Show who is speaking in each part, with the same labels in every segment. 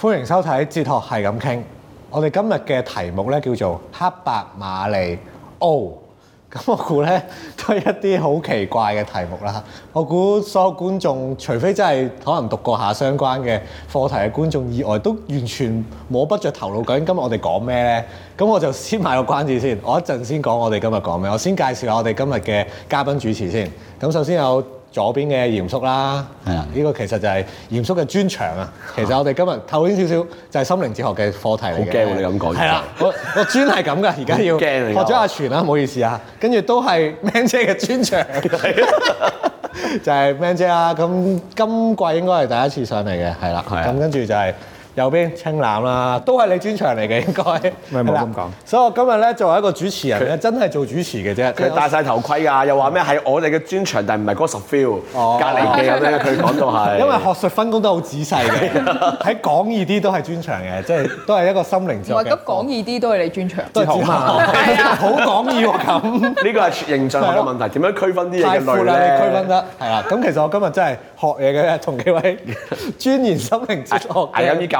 Speaker 1: 歡迎收睇《哲學係咁傾》，我哋今日嘅題目呢叫做《黑白瑪莉》哦，咁我估呢都係一啲好奇怪嘅題目啦。我估所有觀眾，除非真係可能讀過下相關嘅課題嘅觀眾以外，都完全摸不着頭腦，究竟今日我哋講咩呢？咁我就先買個關子先，我一陣先講我哋今日講咩。我先介紹下我哋今日嘅嘉賓主持先。咁首先有。左邊嘅嚴叔啦，啊的，呢個其實就係嚴叔嘅專長啊。的其實我哋今日透顯少少就係、是、心靈哲學嘅課題嚟嘅。好驚喎，你咁講。係啦，我專專係咁㗎，而家 要學咗阿全啦，唔、 啊、好意思啊。跟住都係 Man 姐嘅專長，是的 就係 Man 姐啊。咁今季應該係第一次上嚟嘅，係啦。係咁跟住就係、是。右邊清楠啦，都係你專長嚟嘅應該。唔係冇咁講。所以我今日咧作為一個主
Speaker 2: 持人咧，真係做主持嘅啫。佢戴晒頭盔啊，又話咩係我哋嘅專長，但係唔係嗰個 feel 隔離嘅咁樣。佢講到係。因為
Speaker 1: 學術分工都好仔細嘅，喺廣義啲都係專長嘅，即係都係一個心靈哲學。咁
Speaker 3: 廣義啲都係你專長。都係好
Speaker 1: 廣義喎
Speaker 2: 咁。呢個係形上學嘅問題，點樣區分啲嘢嘅類別咧？區分得。
Speaker 3: 係啦，
Speaker 1: 咁其實我今日真係學嘢嘅，同幾位專研心靈哲學嘅。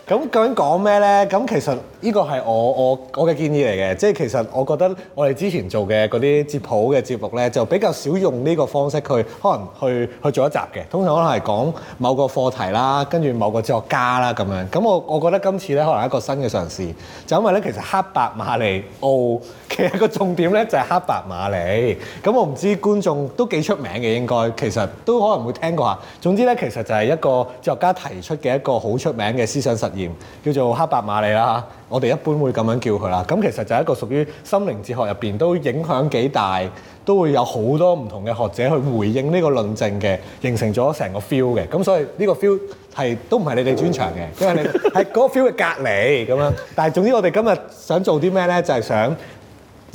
Speaker 1: 咁究竟講咩呢？咁其實呢個係我我我嘅建議嚟嘅，即係其實我覺得我哋之前做嘅嗰啲節普嘅節目呢，就比較少用呢個方式去可能去去做一集嘅。通常可能係講某個課題啦，跟住某個作家啦咁樣，咁我我覺得今次呢，可能係一個新嘅嘗試，就因為呢，其實黑白瑪莉噢其實個重點呢就係黑白瑪莉。咁我唔知觀眾都幾出名嘅，應該其實都可能會聽過下。總之呢，其實就係一個作家提出嘅一個好出名嘅思想實驗。叫做黑白瑪莉啦，我哋一般會咁樣叫佢啦。咁其實就係一個屬於心靈哲學入邊都影響幾大，都會有好多唔同嘅學者去回應呢個論證嘅，形成咗成個 feel 嘅。咁所以呢個 feel 係都唔係你哋專長嘅，因為你係嗰個 feel 嘅隔離咁樣。 但係總之我哋今日想做啲咩呢？就係想。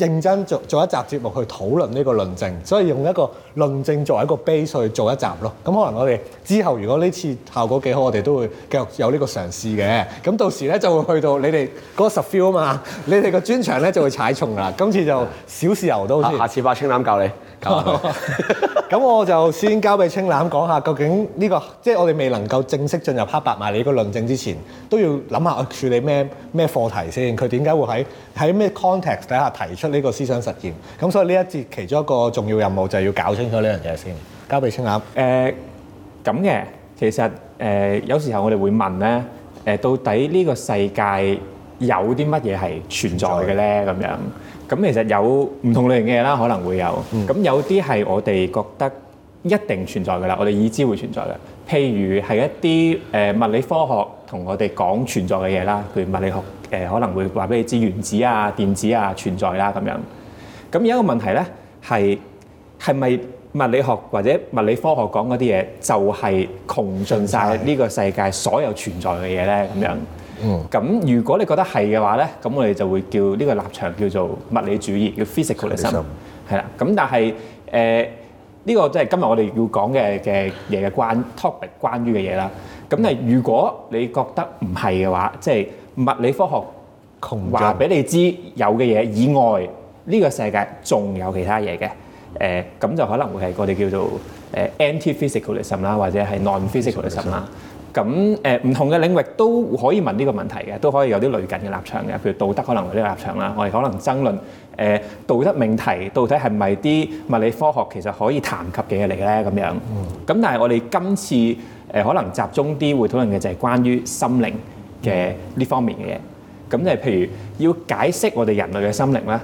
Speaker 1: 認真做做一集節目去討論呢個論證，所以用一個論證作為一個 base 去做一集咯。咁可能我哋之後如果呢次效果幾好，我哋都會繼續有呢個嘗試嘅。咁到時咧就會去到你哋嗰個 field 啊嘛，你哋個專長咧就會踩重啦。 今次就小豉油都好，下次發青欖教你。咁， 我就先交俾青楠講下，究竟呢、這個即係、就是、我哋未能夠正式進入黑白瑪莉個論證之前，都要諗下處理咩咩課題先。佢點解會喺喺咩 context 底下提出呢個思想實驗？咁所以呢一節其中一個重要任務就係
Speaker 4: 要搞清楚呢樣嘢先。交俾青楠誒，咁嘅、呃、其實、呃、有時候我哋會問咧、呃，到底呢個世界有啲乜嘢係存在嘅咧？咁在樣。咁其實有唔同類型嘅嘢啦，可能會有。咁有啲係我哋覺得一定存在嘅啦，我哋已知會存在嘅。譬如係一啲誒物理科學同我哋講存在嘅嘢啦，譬如物理學誒可能會話俾你知原子啊、電子啊存在啦咁樣。咁有一個問題咧，係係咪物理學或者物理科學講嗰啲嘢就係窮盡晒呢個世界所有存在嘅嘢咧？咁樣？咁如果你覺得係嘅話咧，咁我哋就會叫呢個立場叫做物理主義，叫 physicalism，係啦。咁但係誒呢個即係今日我哋要講嘅嘅嘢嘅關 topic 關於嘅嘢啦。咁但係，如果你覺得唔係嘅話，即係物理科學話俾你知有嘅嘢以外，呢個世界仲有其他嘢嘅誒，咁就可能會係我哋叫做誒 anti-physicalism 啦，或者係 non-physicalism 啦。咁誒唔同嘅領域都可以問呢個問題嘅，都可以有啲類近嘅立場嘅，譬如道德可能有呢個立場啦。我哋可能爭論誒道德命題到底係咪啲物理科學其實可以談及嘅嘢嚟咧咁樣。咁但係我哋今次誒可能集中啲會討論嘅就係關於心靈嘅呢方面嘅嘢。咁即係譬如要解釋我哋人類嘅心靈咧，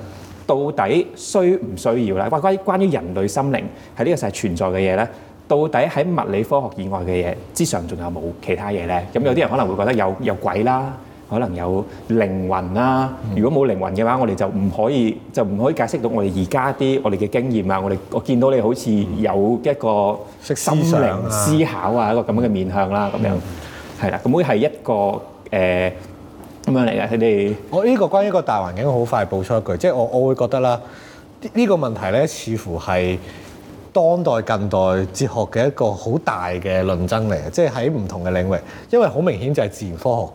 Speaker 4: 到底需唔需要咧？關於關於人類心靈喺呢個世界存在嘅嘢咧？到底喺物理科學以外嘅嘢之上，仲有冇其他嘢咧？咁有啲人可能會覺得有有鬼啦，可能有靈魂啦。如果冇靈魂嘅話，我哋就唔可以就唔可以解釋到我哋而家啲我哋嘅經驗啊，我哋我見到你好似有一個心靈思考啊，一個咁樣嘅面向啦，咁樣係啦，咁會係一個誒咁樣嚟嘅。佢哋我呢個關於一個大
Speaker 1: 環境，我好快補充一句，即係我我會覺得啦，呢個問題咧，似乎係。當代近代哲學嘅一個好大嘅論爭嚟嘅，即係喺唔同嘅領域，因為好明顯就係自然科學，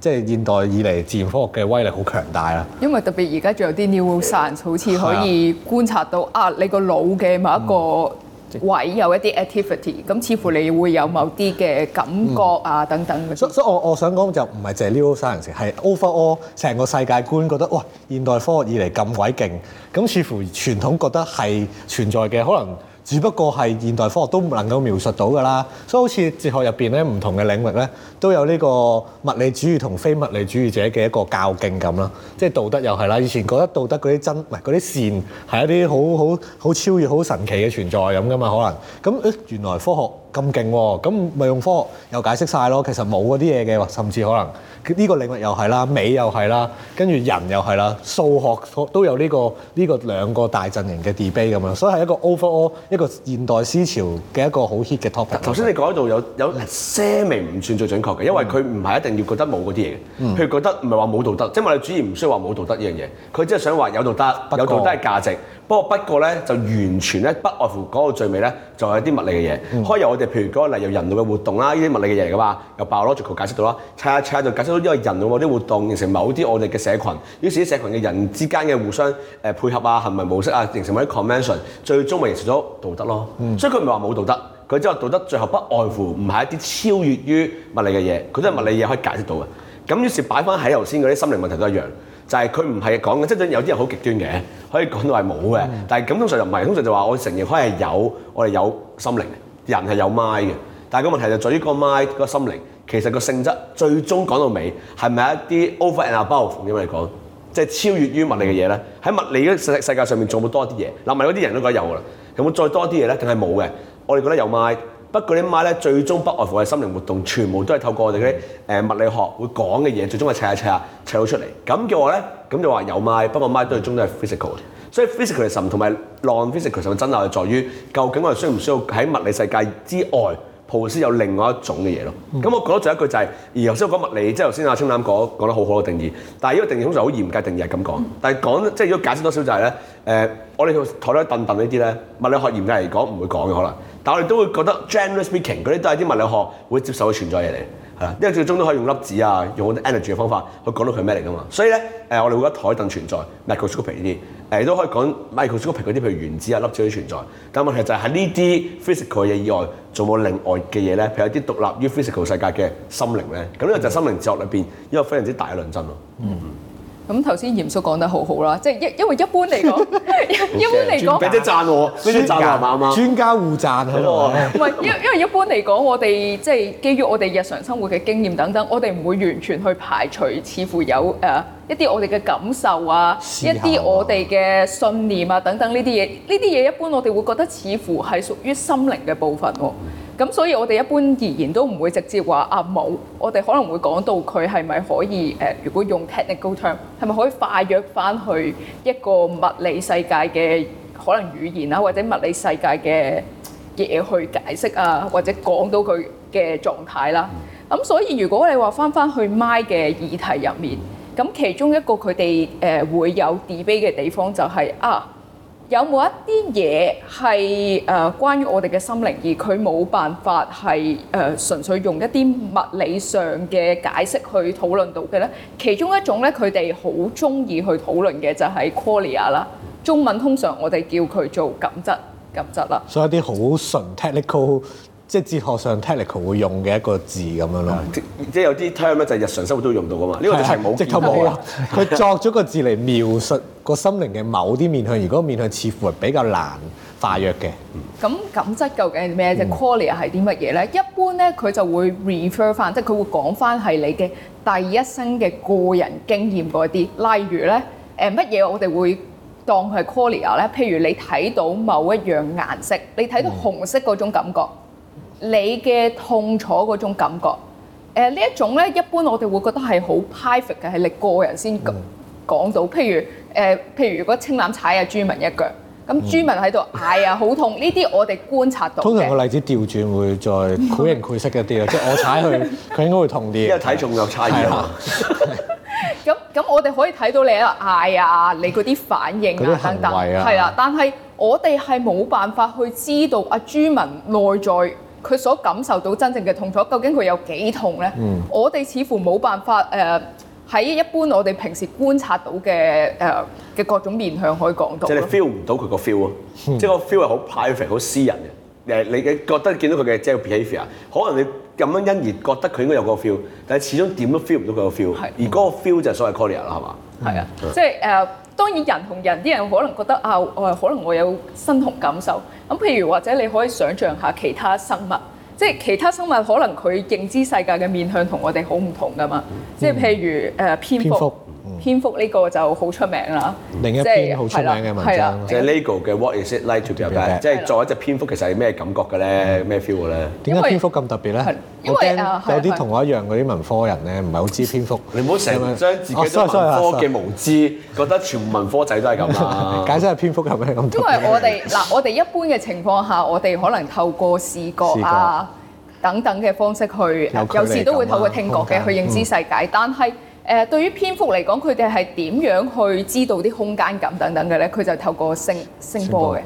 Speaker 1: 即係現代以嚟自然科學嘅威力好強大啦。
Speaker 3: 因為特別而家仲有啲 new science 好似可以觀察到的啊，你個腦嘅某一個，嗯位有一啲 activity，咁似乎你會有某啲嘅感覺啊等等。所以，所以我我想講就唔係淨係 neuroscience，係 over all 成個世界觀覺
Speaker 1: 得哇，現代科學以嚟咁鬼勁，咁似乎傳統覺得係存在嘅可能。只不過係現代科學都唔能夠描述到㗎啦，所以好似哲學入邊咧，唔同嘅領域咧，都有呢個物理主義同非物理主義者嘅一個較勁咁啦。即係道德又係啦，以前覺得道德嗰啲真，唔係，嗰啲善係一啲好好好超越好神奇嘅存在咁㗎嘛，可能咁原來科學。咁勁喎，咁咪用科學又解釋晒咯。其實冇嗰啲嘢嘅，甚至可能呢個領域又係啦，美又係啦，跟住人又係啦，數學都有呢、這個呢、這個兩個大陣營嘅 debate 咁樣，所以係一個 overall
Speaker 2: 一個現代思潮嘅一個好 hit 嘅 topic。頭先你講到有有些明唔算最準確嘅，因為佢唔係一定要覺得冇嗰啲嘢，佢覺得唔係話冇道德，即係我哋主義唔需要話冇道德呢樣嘢。佢只係想話有道德，嗯、有道德係價值。不過不過咧，就完全咧不外乎嗰個最尾咧。就係啲物理嘅嘢，可以由我哋譬如講，例如人類嘅活動啦，呢啲物理嘅嘢嘅話由 biological 解釋到啦，砌下砌下就解釋到，因為人類嗰啲活動形成某啲我哋嘅社群。於是啲社群嘅人之間嘅互相誒配合啊、行為模式啊，形成某啲 convention，最終咪形成咗道德咯。所以佢唔係話冇道德，佢即係話道德最後不外乎唔係一啲超越於物理嘅嘢，佢都係物理嘢可以解釋到嘅。咁於是擺翻喺頭先嗰啲心理問題都一樣。就係佢唔係講嘅，即係有啲人好極端嘅，可以講到係冇嘅。嗯、但係咁通常就唔係，通常就話我承認開係有，我哋有心靈，人係有 mind 嘅。但係個問題就在於個 mind 個心靈，其實個性質最終講到尾係咪一啲 over and above，因為講即係超越於物理嘅嘢咧？喺物理嘅世世界上面做冇多啲嘢，嗱唔嗰啲人都覺得有㗎啦，有冇再多啲嘢咧？定係冇嘅？我哋覺得有 mind。不過啲 mind 呢，咧，最終不外乎係心靈活動，全部都係透過我哋嗰啲物理學會講嘅嘢，最終係砌下砌下砌到出嚟。咁嘅話咧，咁就話有 mind 不過 mind 都係最終都係 physical。所以 physicalism 同埋 non-physicalism 嘅爭拗係在於，究竟我哋需唔需要喺物理世界之外，鋪設有另外一種嘅嘢咯？咁、嗯、我講得最後一句就係、是，而頭先我講物理，即係頭先阿清楠講講得好好嘅定義。但係呢個定義通常好嚴格，定義係咁講。但係講即係如果解釋多少就係、是、咧、呃，我哋台台嗰啲凳凳呢啲咧，物理學嚴格嚟講唔會講嘅可能。但我哋都會覺得 generous speaking 嗰啲都係啲物理學會接受嘅存在嘢嚟，係，因為最終都可以用粒子啊，用啲 energy 嘅方法去講到佢咩嚟噶嘛。所以咧、呃，我哋會覺得台凳存在 microscopic 啲，誒、呃、都可以講 microscopic 嗰啲，譬如原子啊、粒子啲存在。但問題就係喺呢啲 physical 嘢以外，仲有冇另外嘅嘢咧，譬如有啲獨立於 physical 世界嘅心靈咧。咁呢個就係心靈哲學裏邊一個非常之大嘅論爭咯。嗯。
Speaker 3: 咁頭先嚴叔講得好好啦，即係一因為一般嚟講， 一般嚟
Speaker 2: 講俾啲贊我，專家，
Speaker 1: 專家互贊係咯。唔
Speaker 3: 係，因因為一般嚟講，我哋即係基於我哋日常生活嘅經驗等等，我哋唔會完全去排除似乎有誒、呃、一啲我哋嘅感受啊，似乎 一啲我哋嘅信念啊等等呢啲嘢，呢啲嘢一般我哋會覺得似乎係屬於心靈嘅部分喎。咁所以我哋一般而言都唔會直接話啊冇，我哋可能會講到佢係咪可以、呃、如果用 technical term，係咪可以化約翻去一個物理世界嘅可能語言啦、啊，或者物理世界嘅嘢去解釋啊，或者講到佢嘅狀態啦。咁所以如果你話翻翻去 mind 嘅議題入面，咁其中一個佢哋誒會有 debate 嘅地方就係、是、啊。有冇一啲嘢係誒關於我哋嘅心靈，而佢冇辦法係誒純粹用一啲物理上嘅解釋去討論到嘅咧？其中一種咧，佢哋好中意去討論嘅就係 qualia 啦，中文通常我哋叫佢做感質、感質啦。
Speaker 1: 所以一啲好純 technical。即係哲學上 technical 會用嘅一個字咁樣
Speaker 2: 咯。的即係有啲 term 咧，就日常生活都用到噶嘛。呢個就係冇，即刻冇啦。佢 作
Speaker 1: 咗個字嚟描述個心靈嘅某啲面向。如果面向似乎係比較難化約嘅，
Speaker 3: 咁感質究竟係咩啫？Qualia 係啲乜嘢咧？一般咧，佢就會 refer 翻，即係佢會講翻係你嘅第一身嘅個人經驗嗰啲。例如咧，誒乜嘢我哋會當佢係 Qualia 咧？譬如你睇到某一樣顏色，你睇到紅色嗰種感覺。嗯你嘅痛楚嗰種感覺，誒、呃、呢一種咧，一般我哋會覺得係好 private 嘅，係你個人先講到。嗯、譬如誒、呃，譬如如果清楠踩阿雋文一腳，咁雋文喺度嗌啊，好痛！呢啲我哋觀察到。通常個
Speaker 1: 例子調轉會再繪形繪色一啲啦， 即係我踩佢，佢應該會痛啲。因為體重有差異啊。
Speaker 3: 咁咁，我哋可以睇到你喺度嗌啊，你嗰啲反應啊、行為啊，係啦等、 啊。但係我哋係冇辦法去知道阿雋文內在。佢所感受到真正嘅痛楚，究竟佢有幾痛咧？嗯、我哋似乎冇辦法誒，喺、呃、一般我哋平時觀察到嘅誒嘅各種面向可以講到，即係。 即係你 feel
Speaker 2: 唔到佢個 feel 啊！即係個 feel 係好 private 好私人嘅。誒，你你覺得見到佢嘅即係 behaviour 可能你咁樣因而覺得佢應該有嗰個 feel，但係始終點都 feel 唔到佢的個 feel、嗯的。係的。而嗰個 feel 就係所謂 qualia 啦，係、呃、嘛？係啊，即
Speaker 3: 係誒。當然人和人，人同人啲人可能覺得啊，誒、哦，可能我有身同感受。咁，譬如或者你可以想象下其他生物，即係其他生物可能佢認知世界嘅面向我很不同我哋好唔同㗎嘛。即係譬如誒、嗯呃、蝙蝠。蝙蝠蝙蝠呢個就好出名啦，另一篇好出名嘅文章，即
Speaker 2: 係 Nagel 嘅 What Is It Like To Be？即係做一隻蝙蝠其實係咩感覺嘅咧？咩 feel 嘅咧？點解蝙蝠咁特別咧？因
Speaker 3: 為有啲同
Speaker 1: 我一樣嗰啲文科人咧，唔係好知蝙蝠。你唔好成日將自己都文科嘅無
Speaker 2: 知，覺得全文科仔都係咁啊！解
Speaker 1: 釋下蝙蝠係咩咁？
Speaker 2: 因為我
Speaker 3: 哋嗱，我哋一般嘅情況下，我哋可能透過視覺啊等等嘅方式去，有時都會透過聽覺嘅去認知世界，但係，誒對於蝙蝠嚟講，佢哋係點樣去知道啲空間感等等嘅咧？佢就透過聲聲波嘅，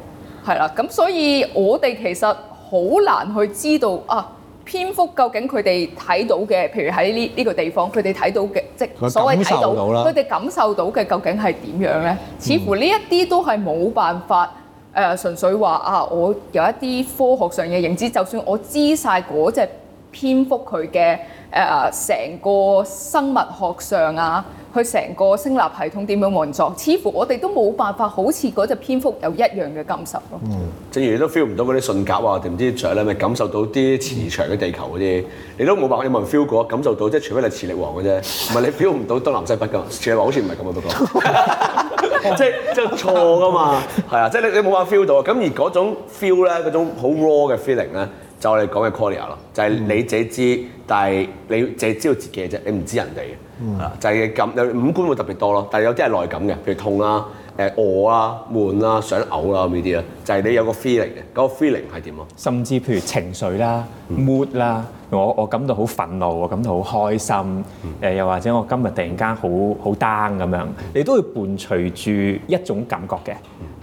Speaker 3: 係啦波。咁所以我哋其實好難去知道啊，蝙蝠究竟佢哋睇到嘅，譬如喺呢呢個地方，佢哋睇到嘅即所謂睇到，佢哋感受到嘅究竟係點樣咧？似乎呢一啲都係冇辦法誒，純、嗯呃、粹話啊，我有一啲科學上嘅認知，就算我知晒嗰隻蝙蝠佢嘅誒成個生物學上啊，佢成個聲納系統點樣運作？似乎我哋都冇辦法好似嗰隻蝙蝠有一樣嘅感受咯。嗯，
Speaker 2: 正如你都 feel 唔到嗰啲信鴿啊，定唔知雀咧，咪感受到啲磁場嘅地球嗰啲，你都冇辦法問 feel 嗰，感受到即係除非你磁力王嘅啫，唔係 你 feel 唔到東南西北㗎，磁力王好似唔係咁啊，不過即係即係錯㗎嘛，係 啊，即係你你冇辦法 feel 到啊。咁而嗰種 feel 呢，嗰種好 raw 嘅 feeling 呢？就我哋講嘅 qualia 咯，就係你自己知，但係你自己知道自己嘅啫，你唔知人哋嘅，就係咁五官會特別多咯。但係有啲係內感嘅，譬如痛啦、誒餓啦、悶啦、想嘔啦咁呢啲咧，就係你有個 feeling 嘅，嗰個 feeling 係點啊？
Speaker 4: 甚至譬如情緒啦、mood 啦，我我感到好憤怒，我感到好開心，誒又或者我今日突然間好好 down 咁樣，你都會伴隨住一種感覺嘅，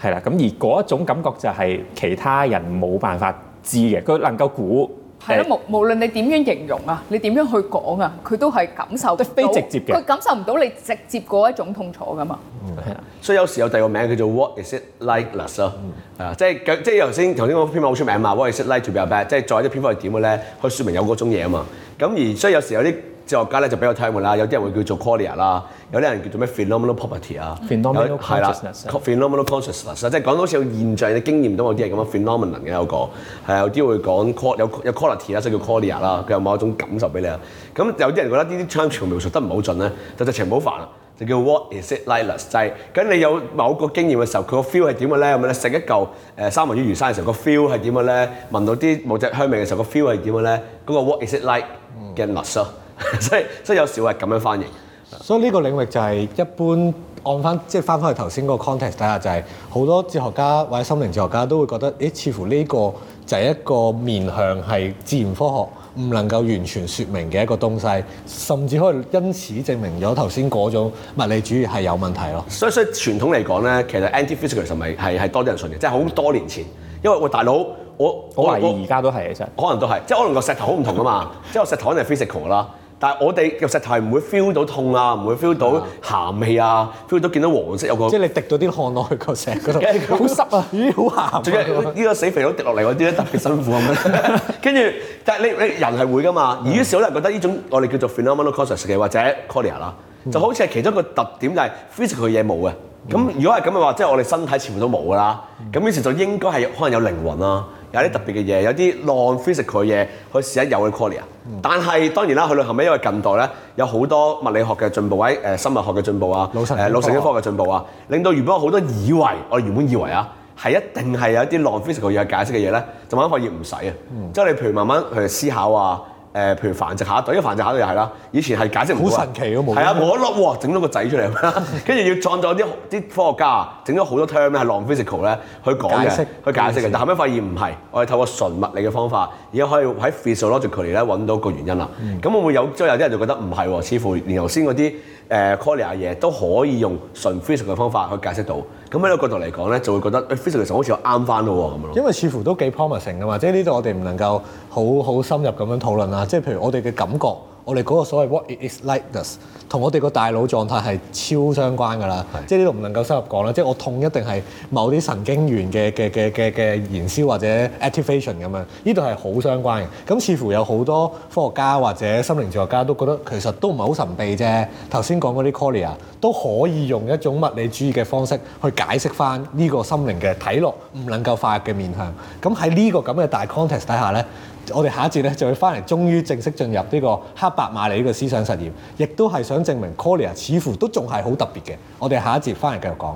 Speaker 4: 係啦，咁而嗰一種感覺就係其他人冇辦法知嘅，佢能夠估係咯。無對、
Speaker 3: 欸、無論你點樣形容啊，你點樣去講啊，佢都係感受唔到，非直接嘅，佢感受唔到你直接嗰一種痛楚㗎嘛。係啦、嗯，
Speaker 2: 所以有時候有第二個名叫做 What is it likeness？啊、嗯，即係即係頭先頭先嗰篇文好出名嘛。What is it like to be a bat？即係再啲蝙蝠係點嘅咧？可以説明有嗰種嘢啊嘛。咁而所以有時有啲。哲學家咧就比較睇門啦，有啲人會叫做 qualia 啦，有啲人叫做咩 phenomenal property 啊、mm，係啦，phenomenal consciousness 即係講到好似現象你經驗到某啲嘢咁啊 phenomenal 嘅有個，係有啲會講 qual 有有 qualia 啦，所以叫 qualia 啦，佢有某一種感受俾你啦。咁有啲人覺得呢啲 terms 描述得唔好盡咧，就就直情好煩啦，就叫 what is it like 咧、就是，就係咁你有某個經驗嘅時候，佢個 feel 係點嘅咧？咁你食一嚿誒、呃、三文魚魚生嘅時候，個 feel 係點嘅咧？聞到啲某隻香味嘅時候，個 feel 係點嘅咧？嗰、那個 what is it like 嘅 n a 所以，所以有少人咁樣翻譯。所以呢個領域就係一般按翻，
Speaker 1: 即係翻翻去頭先個 context 底下，就係、是、好多哲學家或者心靈哲學家都會覺得，誒、欸，似乎呢個就係一個面向係自然科學，唔能夠完全說明嘅一個東西，甚至可以因此證明咗頭先嗰種物理主義係有
Speaker 2: 問題咯。所以，所以傳統嚟講咧，其實 anti-physicalism 係係多啲人信嘅，即係好多年前。因為喂，大佬，我我懷疑而家都係嘅啫。可能都係，即係可能個石頭好唔同啊嘛， 即係個石頭可能係 physical 啦。但係我哋入石頭係唔會 feel 到痛啊，唔會 feel 到鹹味啊，feel 到見到黃色有個，即
Speaker 1: 係你滴到啲汗落去石、 嗰個石嗰度，好濕啊，咦好鹹啊！
Speaker 2: 呢有個死肥佬滴落嚟嗰啲咧特別辛苦啊！跟住， 但係你你，你人係會㗎嘛？於是少人覺得呢種我哋叫做 phenomenal consciousness 嘅或者 conscious 啦，就好似係其中一個特點就係 physical 嘢冇嘅。咁如果係咁嘅話，即係我哋身體全部都冇㗎啦。咁於是就應該係可能有靈魂啦。有啲特別嘅嘢，有啲 non-physical 嘅嘢，佢試一下有嘅 quality、嗯、但係當然啦，佢旅行咧，因為近代咧有好多物理學嘅進步，或者、呃、誒生物學嘅進步啊，誒腦神,、呃、神經科學嘅進步啊，令到原本好多以為我哋原本以為啊，係一定係有一啲 non-physical 要解釋嘅嘢咧，就慢慢亦唔使啊。即係你譬如你慢慢去思考啊。誒，譬如繁殖下一代，依個繁殖下一代又係啦，以前係解釋唔到，神奇啊，無可擸喎，整到個仔出嚟啦，跟住要創造啲啲科學家整咗好多 term 咧，係 non-physical 咧，ysical，去講嘅，解釋去解釋嘅，釋但後尾發現唔係，我哋透過純物理嘅方法而家可以喺 physiological 裡咧揾到個原因啦。咁會唔會有即係有啲人就覺得唔係喎，似乎連頭先嗰啲誒 qualia 嘢都可以用純 physical 嘅方法去解釋到？咁喺呢個角度嚟講咧，就會覺得誒 physics 好似又啱翻咯喎，咁樣
Speaker 1: 咯，因為似乎都幾 promising 㗎嘛，即係呢度我哋唔能夠好好深入咁樣討論啦，即係譬如我哋嘅感覺。我哋嗰個所謂 what it is likeness，同我哋個大腦狀態係超相關㗎啦是。即係呢度唔能夠深入講啦。即係我痛一定係某啲神經元嘅嘅嘅嘅嘅燃燒或者 activation 咁樣，呢度係好相關嘅。咁似乎有好多科學家或者心靈哲學家都覺得其實都唔係好神秘啫。頭先講嗰啲 qualia 都可以用一種物理主義嘅方式去解釋翻呢個心靈嘅睇落唔能夠化約嘅面向。咁喺呢個咁嘅大 context 底下呢。我哋下一節咧就會翻嚟，終於正式進入呢個黑白瑪莉呢個思想實驗，亦都係想證明 qualia 似乎都仲係好特別嘅。我哋下一節翻嚟繼續講。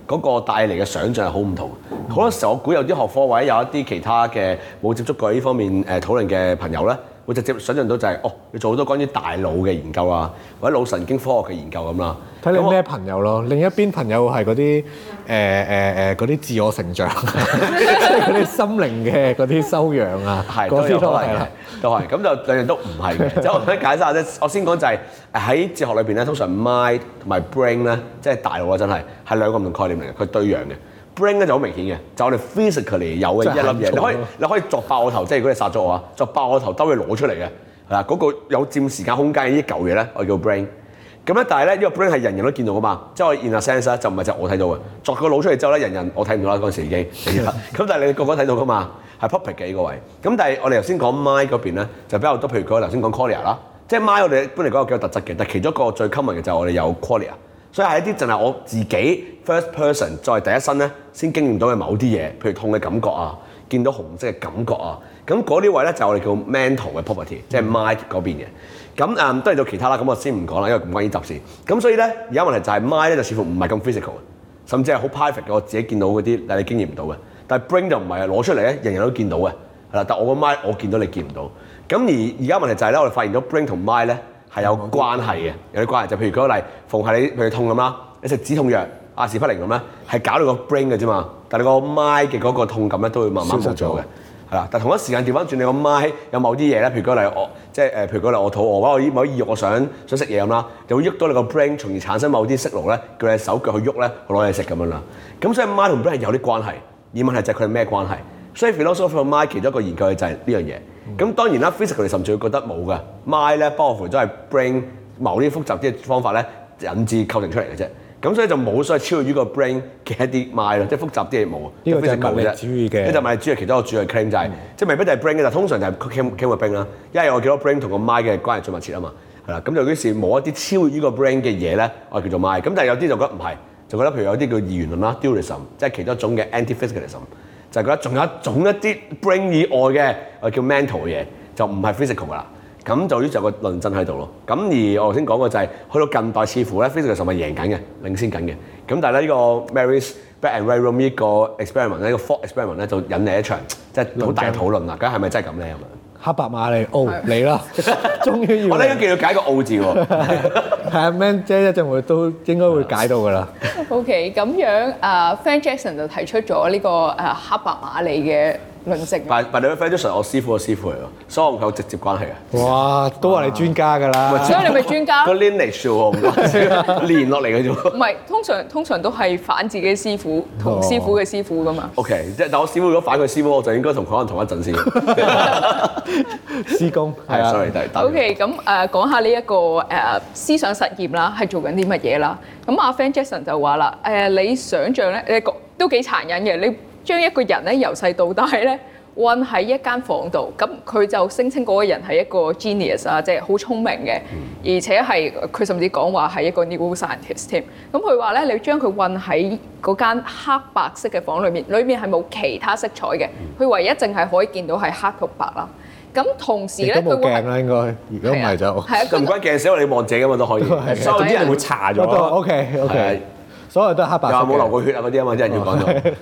Speaker 2: 嗰個帶嚟嘅想像係好唔同，好多時候我估有啲學科或者有一啲其他嘅冇接觸過呢方面誒討論嘅朋友咧，會直接想象到就係哦，你做好多關於大腦嘅研究啊，或者腦神經科學嘅研究咁啦。
Speaker 1: 睇你咩朋友咯，那我 另一邊朋友係嗰啲誒誒誒嗰啲自我成長，即係嗰啲心靈嘅嗰啲修養啊，係 都有可能嘅
Speaker 2: 都係，咁就兩樣都唔係嘅。即 我想解釋下啫。我先講就係、是、喺哲學裏面咧，通常 mind 同埋 brain 咧，即係大腦啊，真係係兩個唔同概念嚟嘅。佢堆樣嘅 brain 咧就好明顯嘅，就是、我哋 physically 有嘅一粒嘢。你可以你可以作爆我頭，即係如果你殺咗我啊，作爆我頭兜佢攞出嚟嘅係啦。嗰、嗰個有佔時間空間嘅啲舊嘢咧，我叫 brain。咁咧，但係咧，呢個 brain 係人人都見到㗎嘛。即係我 in a sense 咧，就唔係就我睇到嘅。作佢攞出嚟之後咧，人人我睇唔到啦。嗰陣時已經咁， 但係你個個睇到㗎嘛。係 property 嘅呢個位置，咁但係我哋頭先講 mind 嗰邊咧就比較多，譬如佢我頭先講 qualia 啦，即係 mind 我哋本嚟講有幾個特質嘅，但係其中一個最 common 嘅就係我哋有 qualia，所以係一啲淨係我自己 first person 在第一身咧先經驗到嘅某啲嘢，譬如痛嘅感覺啊，見到紅色嘅感覺啊，咁嗰啲位咧就係我哋叫 mental 嘅 property，嗯、即係 mind 嗰邊嘅，咁誒都嚟到其他啦，咁我先唔講啦，因為唔關依集事，咁所以咧而家問題就係 mind 咧就似乎唔係咁 physical，甚至係好 private 嘅，我自己見到嗰啲，但係你經驗唔到嘅。但係 brain 就唔係啊，攞出嚟咧，人人都見到嘅係啦。但係我個 mind 我見到你見唔到咁。而而家問題就係、是、咧，我哋發現咗 brain 同 mind 咧係有關係嘅，嗯、有啲關係就是、譬如舉個例，逢係你佢痛咁啦，你食止痛藥阿士匹靈咁咧，係、啊、搞到個 brain 嘅啫嘛。但係你個 mind 嘅嗰個痛感咧都會慢慢縮咗嘅係啦。但同一時間調翻轉你個 mind 有某啲嘢咧，譬如舉個例，例，我例我，我即係誒，譬如例，我肚餓，或我某啲意欲我想想食嘢咁啦，就會喐到你個 brain，從而產生某啲訊號咧，叫你手腳去喐咧，去攞嘢食咁樣啦。咁所以 mind 同 brain 有啲關係。疑問係就係佢係咩關係？所以 philosophy of mind 其中一個研究嘅就係呢樣嘢。咁當然啦，physically 甚至會覺得冇㗎。mind 咧包括咗係 brain 某啲複雜啲嘅方法咧引致構成出嚟嘅啫。咁所以就冇所謂超越於個 brain 嘅一啲 mind 咯，即係複雜啲嘢冇。呢個係物理主義嘅，呢就物理主義其中一個主要嘅 claim 就係即係未必就係 brain 嘅，但通常就係 brain 啦。因為我見到 brain 同個 mind 嘅關係最密切啊嘛，係啦。咁就於是冇一啲超越於個 brain 嘅嘢咧，我叫做 mind。咁但係有啲就覺得唔係。就覺得譬如有啲叫二元論啦，Dualism，即係其中一種嘅 Anti-Physicalism，就係覺得仲有一種一啲 brain 以外嘅，我叫 mental 嘅嘢，就唔係 physical 啦。咁就於是就個論爭喺度咯。咁而我頭先講嘅就係去到近代，似乎咧 Physicalism 係贏緊嘅，領先緊嘅。咁但係咧呢個 Mary's Black and White Room 個 experiment 呢個 Thought experiment 咧就引嚟一場即係好大嘅討論啦。咁係咪真係咁咧？
Speaker 1: 黑白瑪利噢，你、oh, 啦是的，終於要 我呢一
Speaker 2: 咧，要解個噢字喎。
Speaker 1: 係啊，Man 姐一陣會都應該會解到㗎啦是
Speaker 3: 的、okay,。O K，咁樣啊，Frank Jackson 就提出咗呢個誒黑白瑪利嘅。
Speaker 2: 論證，但但係我 Frank 我師傅嘅師傅嚟喎，所以我唔係有直接關係啊！哇，都係你專家㗎啦，所以、啊、你咪專家。 個 lineage 喎，連落嚟嘅啫
Speaker 3: 唔係，通常通常都係反自己的師傅同師傅嘅師傅㗎嘛。哦、
Speaker 2: OK，即係但我師傅如果反佢師傅，我就應該同佢可能同一陣先。 師公，係啊 ，sorry，得對。OK，
Speaker 3: 咁誒講下呢一個誒思想實驗啦，係做緊啲乜嘢啦？咁阿 Frank Jackson 就話啦，誒你想象咧，誒都幾殘忍嘅你。將一個人咧由細到大咧困喺一間房度，咁佢就聲稱嗰個人係一個 genius 啊，即係好聰明嘅，而且係佢甚至講話係一個 new scientist 添。咁佢話咧，你將佢困喺嗰間黑白色嘅房裏面，裏面係冇其他色彩嘅，佢唯一淨係可以見到係黑同白啦。咁同時咧，都冇
Speaker 2: 鏡啦，應該，如果唔係就係唔關鏡事，你望鏡咁啊都可以。所有啲人會查咗。OK，OK，所有都係黑白。有冇流過血啊？嗰啲啊嘛，啲人要講到。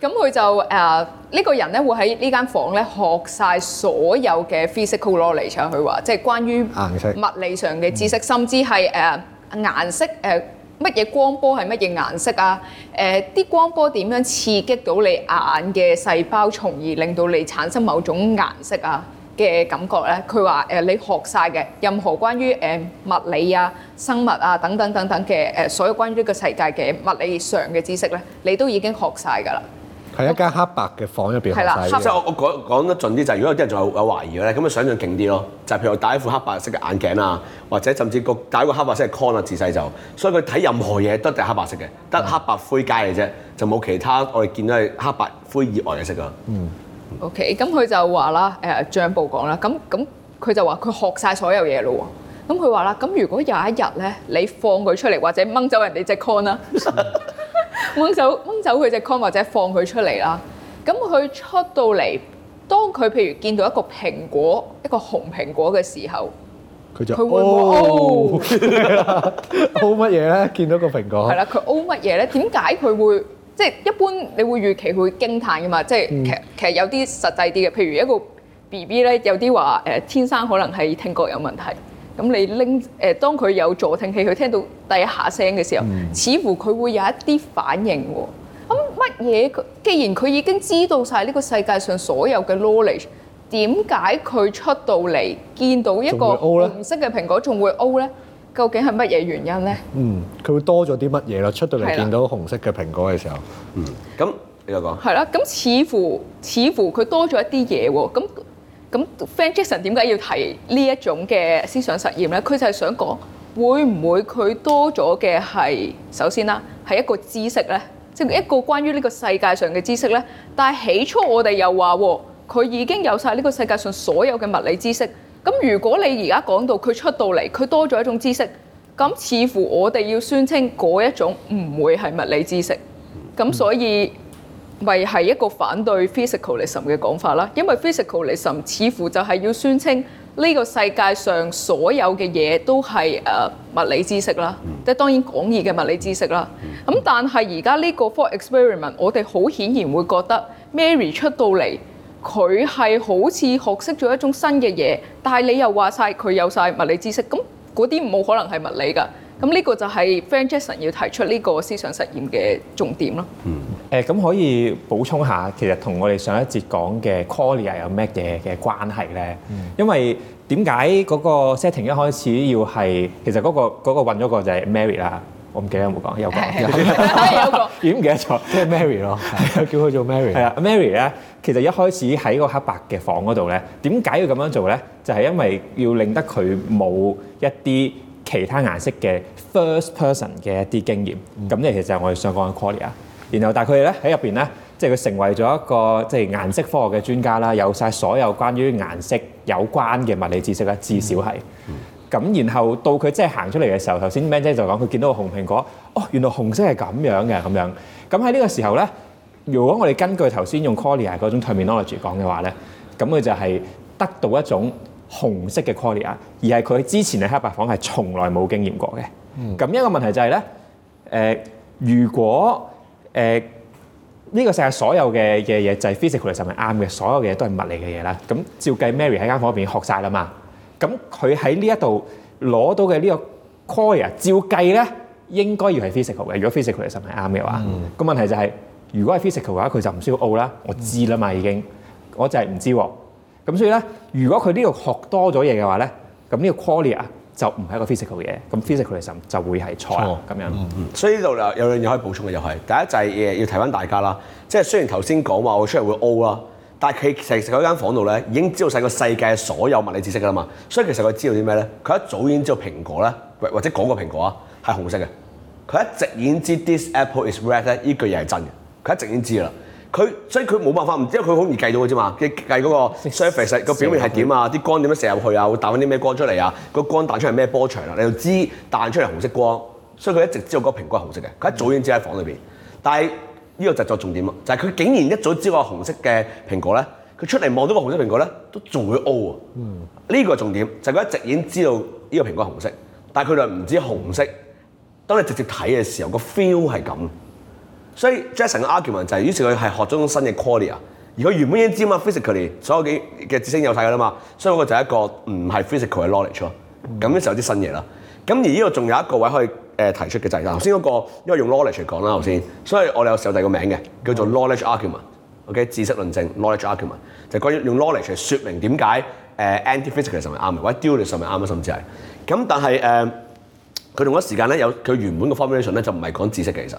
Speaker 3: 咁佢就誒呢、呃呢個人咧，會喺呢間房咧學晒所有嘅 physical law 嚟。e 佢話即係關於物理上嘅知識，顏色甚至係誒顏色誒乜嘢光波係乜嘢顏色啊？啲、呃、光波點樣刺激到你眼嘅細胞，從而令到你產生某種顏色啊嘅感覺咧？佢話、呃、你學晒嘅任何關於誒、呃、物理啊、生物啊等等等等嘅、呃、所有關於呢個世界嘅物理上嘅知識咧，你都已經學晒㗎啦！
Speaker 1: 係一間黑白
Speaker 3: 嘅房入邊，所以我
Speaker 2: 講我講講得盡啲就係，如果有啲人仲有有懷疑咧，咁啊想像勁啲咯，就係、係、譬如戴一副黑白色嘅眼鏡啊，或者甚至個戴一個黑白色嘅 con 啊，自細就，所以佢睇任何嘢都一定係黑白色嘅，得黑白灰階嘅啫，的就冇其他我哋見到係黑白灰以外嘅色啊。嗯。
Speaker 3: O K，咁佢就話啦，誒、呃、張報講啦，咁咁佢就話佢學晒所有嘢咯喎，咁佢話啦，咁如果有一日咧，你放佢出嚟或者掹走人哋隻 con 啊。嗯 掹走掹走佢隻 con 或者放佢出嚟啦，咁佢出到嚟，當佢譬如見到一個蘋果，一個紅蘋果嘅時候，
Speaker 1: 佢就佢會 O 乜嘢咧？見到個蘋果，係啦，
Speaker 3: 佢 O 乜嘢咧？點解佢會即係、就是、一般？你會預期佢會驚歎噶嘛？即係其實其實有啲實際啲嘅，譬如一個 B B 咧，有啲話誒天生可能係聽覺有問題。咁你拎誒，當佢有助聽器，佢聽到第一下聲嘅時候，似乎佢會有一啲反應喎。咁乜嘢？既然佢已經知道曬呢個世界上所有嘅 knowledge，點解佢出到嚟見到一個紅色嘅蘋果，仲會 O 呢？究竟係乜嘢原因呢？
Speaker 1: 嗯，佢會多咗啲乜嘢咯？出到嚟見到紅色嘅蘋果嘅時候，嗯，咁
Speaker 3: 你就講，係啦，咁似乎似乎佢多咗一啲嘢喎。咁咁，Frank Jackson 點解要提呢一種嘅思想實驗咧？佢就係想講，會唔會佢多咗嘅係首先啦，係一個知識咧，即係一個關於呢個世界上嘅知識咧。但係起初我哋又話，佢，哦，已經有晒呢個世界上所有嘅物理知識，咁如果你而家講到佢出到嚟，佢多咗一種知識，咁似乎我哋要宣稱嗰一種唔會係物理知識，咁所以。維係一個反對 physicalism 嘅講法啦，因為 physicalism 似乎就係要宣稱呢、這個世界上所有嘅嘢都係、呃、物理知識啦，即當然廣義嘅物理知識啦。咁但係而家呢個 thought experiment，我哋好顯然會覺得 Mary 出到嚟，佢係好似學識咗一種新嘅嘢，但係你又話晒佢有晒物理知識，咁嗰啲冇可能係物理㗎。咁呢個就係 Frank Jackson 要提出呢個思想實驗嘅重點咯。嗯。
Speaker 4: 誒，咁可以補充下，其實同我哋上一節講嘅 Qualia 有咩嘅嘅關係咧？因為點解嗰個 setting 一開始要係其實嗰個嗰個運咗個就係 Mary 啦。我唔記得有冇講，有講有講。係有講。唔記得咗？即係 Mary 咯。叫佢做 Mary。係啊，Mary 咧，其實一開始喺個黑白嘅房嗰度咧，點解要咁樣做咧？就係因為要令得佢冇一啲。其他顏色嘅 first person 嘅一啲經驗，咁咧其實就係我哋想講嘅 qualia。然後但係佢哋咧喺入邊咧，即係佢成為咗一個即係顏色科學嘅專家啦，有曬所有關於顏色有關嘅物理知識啦，至少係。咁然後到佢即係行出嚟嘅時候，頭先 Man 姐就講佢見到個紅蘋果，哦，原來紅色係咁樣嘅咁樣。咁喺呢個時候咧，如果我哋根據頭先用 qualia 嗰種 terminology 講嘅話咧，咁佢就係得到一種紅色嘅 qualia 而係佢之前喺黑白房係從來冇經驗過嘅。咁、嗯、一個問題就係、是、咧、呃，如果誒呢、呃這個世界所有嘅嘅嘢就係 physical 就係啱嘅，所有嘢都係物理嘅嘢啦。咁照計 Mary 喺間房嗰邊學曬啦嘛，咁佢喺呢一度攞到嘅呢個 qualia 照計咧應該要係 physical 嘅。如果 physical 就係啱嘅話，個、嗯、問題就係、是、如果係 physical 嘅話，佢就唔需要 o 啦。我知啦嘛已經嘛，嗯、我就係唔知喎、啊。咁所以咧，如果佢呢度學多咗嘢嘅話咧，咁呢個 quality 就唔係一個 physical 嘅嘢，咁 physicalism 就會係錯啊，咁、哦、樣、嗯嗯。
Speaker 2: 所以呢度有有兩樣嘢可以補充嘅、就是，就係第一就係嘢要提翻大家啦，即係雖然頭先講話我出嚟會 O 啦，但係佢其實喺間房度咧，已經知道曬個世界所有物理知識噶啦嘛。所以其實佢知道啲咩咧？佢一早已經知道蘋果咧，或者講個蘋果係紅色嘅。佢一直已經知道 this apple is red 咧，依句嘢係真嘅。佢一直已經知啦。佢所以佢冇辦法，唔知因為佢好易計到嘅啫嘛，即係計嗰個 surface 個表面係點啊？啲光點樣射入去啊？會彈翻啲咩光出嚟啊？個光彈出嚟咩波長啊？你就知彈出嚟紅色光，所以佢一直知道嗰個蘋果係紅色嘅。佢一早已經知喺房裏邊，但係呢個就作重點啊，就係、是、佢竟然一早知道個紅色嘅蘋果咧，佢出嚟望到個紅色的蘋果咧，都仲會 O 啊！呢、嗯、個重點，就係、是、佢一直已經知道呢個蘋果係紅色，但係佢就唔知紅色。當你直接睇嘅時候，個 feel 係咁。所以 Jackson 嘅 argument 就係、是、於是佢係學咗種新嘅 qualia，而佢原本已經知嘛，physically 所有嘅嘅知識有晒㗎啦嘛，所以嗰個就係一個唔係 physical 嘅 knowledge 咯、嗯。咁呢個有啲新嘢啦。咁而呢個仲有一個位可以誒提出嘅就係頭先嗰個，因為用 knowledge 嚟講啦頭先，嗯、所以我哋有時候有第二個名嘅叫做 knowledge argument，OK、okay? 知識論證，knowledge argument 就關於用 knowledge 嚟説明點解誒 anti-physical 係咪啱，或者 dualistic 係咪啱啊，甚至係。咁但係誒佢用咗時間咧，有佢原本嘅 formulation 咧就唔係講知識嘅其實。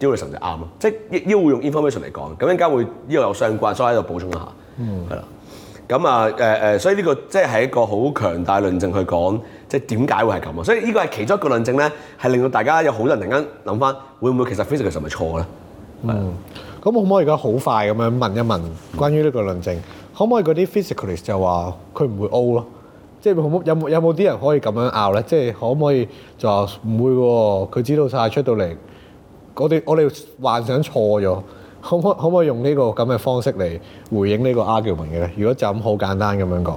Speaker 2: information 就啱咯，即係亦會用 information 嚟講，咁一間會呢個有相關，所以喺度補充一下，係啦、嗯，咁啊、呃呃、所以呢個即係一個好強大論證去講，即係點解會係咁啊？所以呢個係其中一個論證咧，係令到大家有好多人突然間諗翻，會唔會其實 physics 其實係咪錯咧？
Speaker 1: 嗯，咁我可唔可以而家好快咁樣問一問關於呢個論證，嗯、可唔可以嗰啲 physics 就話佢唔會 O 咯？即係有冇有冇啲人可以咁樣拗咧？即係可唔可以就唔會喎？佢知道晒出到嚟。我哋我哋幻想錯咗，可唔可可唔可以用呢個咁嘅方式嚟回應呢個 argument 嘅咧？如果就咁好簡單咁樣講，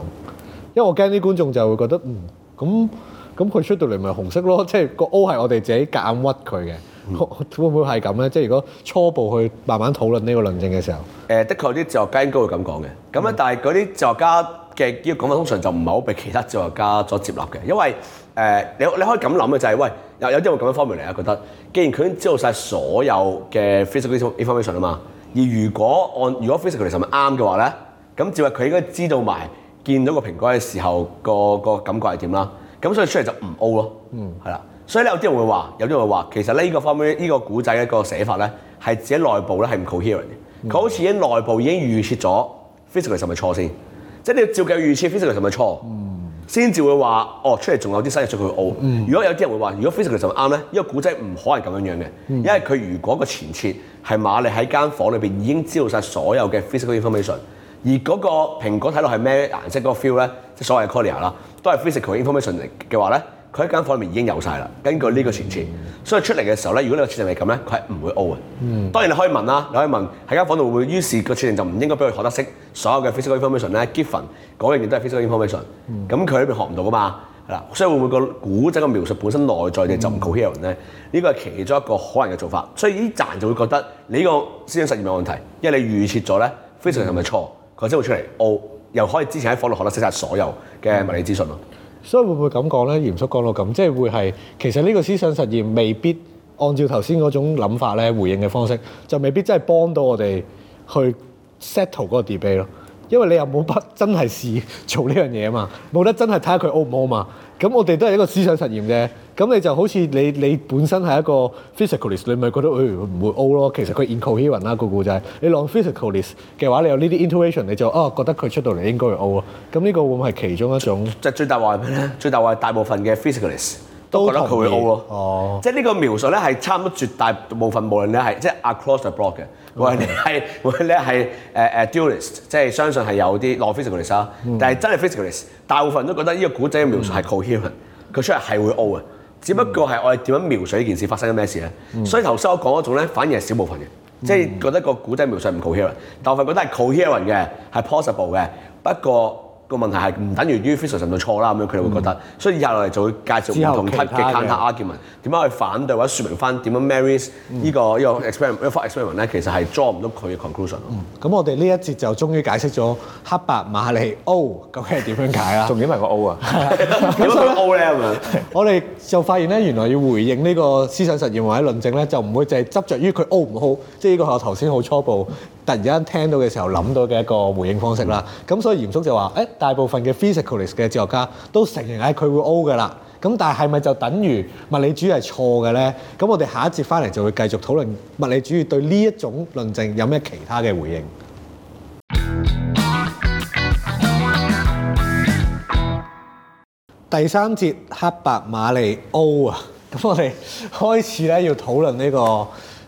Speaker 1: 因為我驚啲觀眾就會覺得嗯，咁咁佢出到嚟咪紅色咯，即係個 O 係我哋自己夾硬屈佢嘅，會唔會係咁咧？即係如果初步去慢慢討論呢個
Speaker 2: 論證嘅時候，誒，的確有啲哲學家應該會咁講嘅。咁樣，但係嗰啲哲學家嘅呢啲講法通常就唔係好被其他哲學家所接納嘅，因為，誒，你你可以咁諗嘅就係、是，喂，有有啲人會咁樣方面嚟啊，覺得既然佢已經知道晒所有嘅 physical information 啊嘛，而如果按如果 physical 係咪啱嘅話咧，咁照佢，佢應該知道埋見到個蘋果嘅時候個、那個感覺係點啦，咁所以出嚟就唔 O 咯，係啦、嗯，所以咧有啲人會話，有啲人會話，其實呢個方面呢、這個古仔咧個寫法咧係自己內部咧係唔 coherent 嘅，佢、嗯、好似已經內部已經預設咗 physical 係咪錯先，即係你要照計預設 physical 係咪錯。嗯先至會話，哦，出嚟仲有啲生嘢出去。O。嗯、如果有啲人會話，如果 physical 就啱咧，呢、這個古仔唔可係咁樣樣嘅，嗯、因為佢如果個前設係瑪莉喺間房裏面已經知道晒所有嘅 physical information，而嗰個蘋果睇落係咩顏色嗰個 feel 咧，即、就、係、是、所謂 qualia 啦，都係 physical information 嘅話咧。佢一間房入面已經有晒啦。根據呢個前設，嗯、所以出嚟嘅時候咧，如果個設定係咁咧，佢係唔會 O 嘅。當、嗯、當然你可以問啦，你可以問喺間房度會,不會於。於、那、是個設定就唔應該俾佢學得識所有嘅 physical information 咧。Given 嗰樣嘢都係 physical information。嗯，咁佢喺邊學唔到噶嘛？係啦，所以會唔會個古仔嘅描述本身內在嘅就唔 coherent 咧？呢、嗯、個係其中一個可能嘅做法。所以呢站就會覺得你這個思想實驗有,有問題，因為你預設咗咧 physical 係咪錯？佢先會出嚟 O，又可以之前喺房度學得識晒所有嘅物理資訊咯。嗯
Speaker 1: 所以會唔會咁講咧？嚴肅講到咁，即係會係其實呢個思想實驗未必按照頭先嗰種諗法咧回應嘅方式，就未必真係幫到我哋去 settle 嗰個 debate 咯。因為你又冇不真係試做呢樣嘢啊嘛，冇得真係睇下佢 O 唔 O 啊嘛。咁我哋都係一個思想實驗啫。咁你就好似你你本身係一個 physicalist，你咪覺得佢唔會 o 咯。其實佢 incoherent 啦，個故仔。你 non-physicalist 嘅話，你有呢啲 intuition，你就啊、哦、覺得佢出到嚟應該會 o 咯。咁呢個會唔會係
Speaker 2: 其中一種？即最大話題咧，最大話係大部分嘅 physicalist 都，都覺得佢會 o 咯。哦，即呢個描述咧係差唔多絕大部分，無論你係、uh, uh, 即 across the block 嘅，或者係或者係誒 dualist，即係相信係有啲 non-physicalist 但係真係 physicalist，大部分都覺得呢個古仔嘅描述係 coherent，佢、嗯、出嚟係會 o 啊。只不過係我哋點樣描述呢件事發生咗咩事咧？嗯、所以頭先我講嗰種咧，反而係少部分人，即係、嗯、覺得個古仔描述唔 coherent，e 但係大部分覺得係 coherent 嘅，係 possible 嘅，不過，個問題係唔等於於 physicalism 錯啦，咁樣佢哋會覺得，嗯、所以以下落嚟就會介紹唔同級嘅 counter argument，點樣去反對或者説明翻點樣 Marys 呢個呢、這個，experiment，個 experiment 呢個 experiment 咧，其實係 draw 唔到佢嘅 conclusion。咁、
Speaker 1: 嗯、我哋呢一節就終於解釋咗黑白瑪莉 O 究竟係點樣解啊？重點係個 O 啊，點解要 O 咧？ 咁所以呢，我哋就發現咧，原來要回應呢個思想實驗或者論證咧，就唔會淨係執着於佢 O 唔 O，即係呢個我頭先好初步。突然間聽到嘅時候諗到嘅一個回應方式啦、嗯，咁所以嚴肅就話，誒、欸、大部分嘅 physicalist 嘅哲學家都承認係佢會 O 嘅啦。咁但係係咪就等於物理主義係錯嘅咧？咁我哋下一節翻嚟就會繼續討論物理主義對呢一種論證有咩其他嘅回應。 第三節黑白瑪莉 O 啊！咁我哋開始咧要討論呢、這個。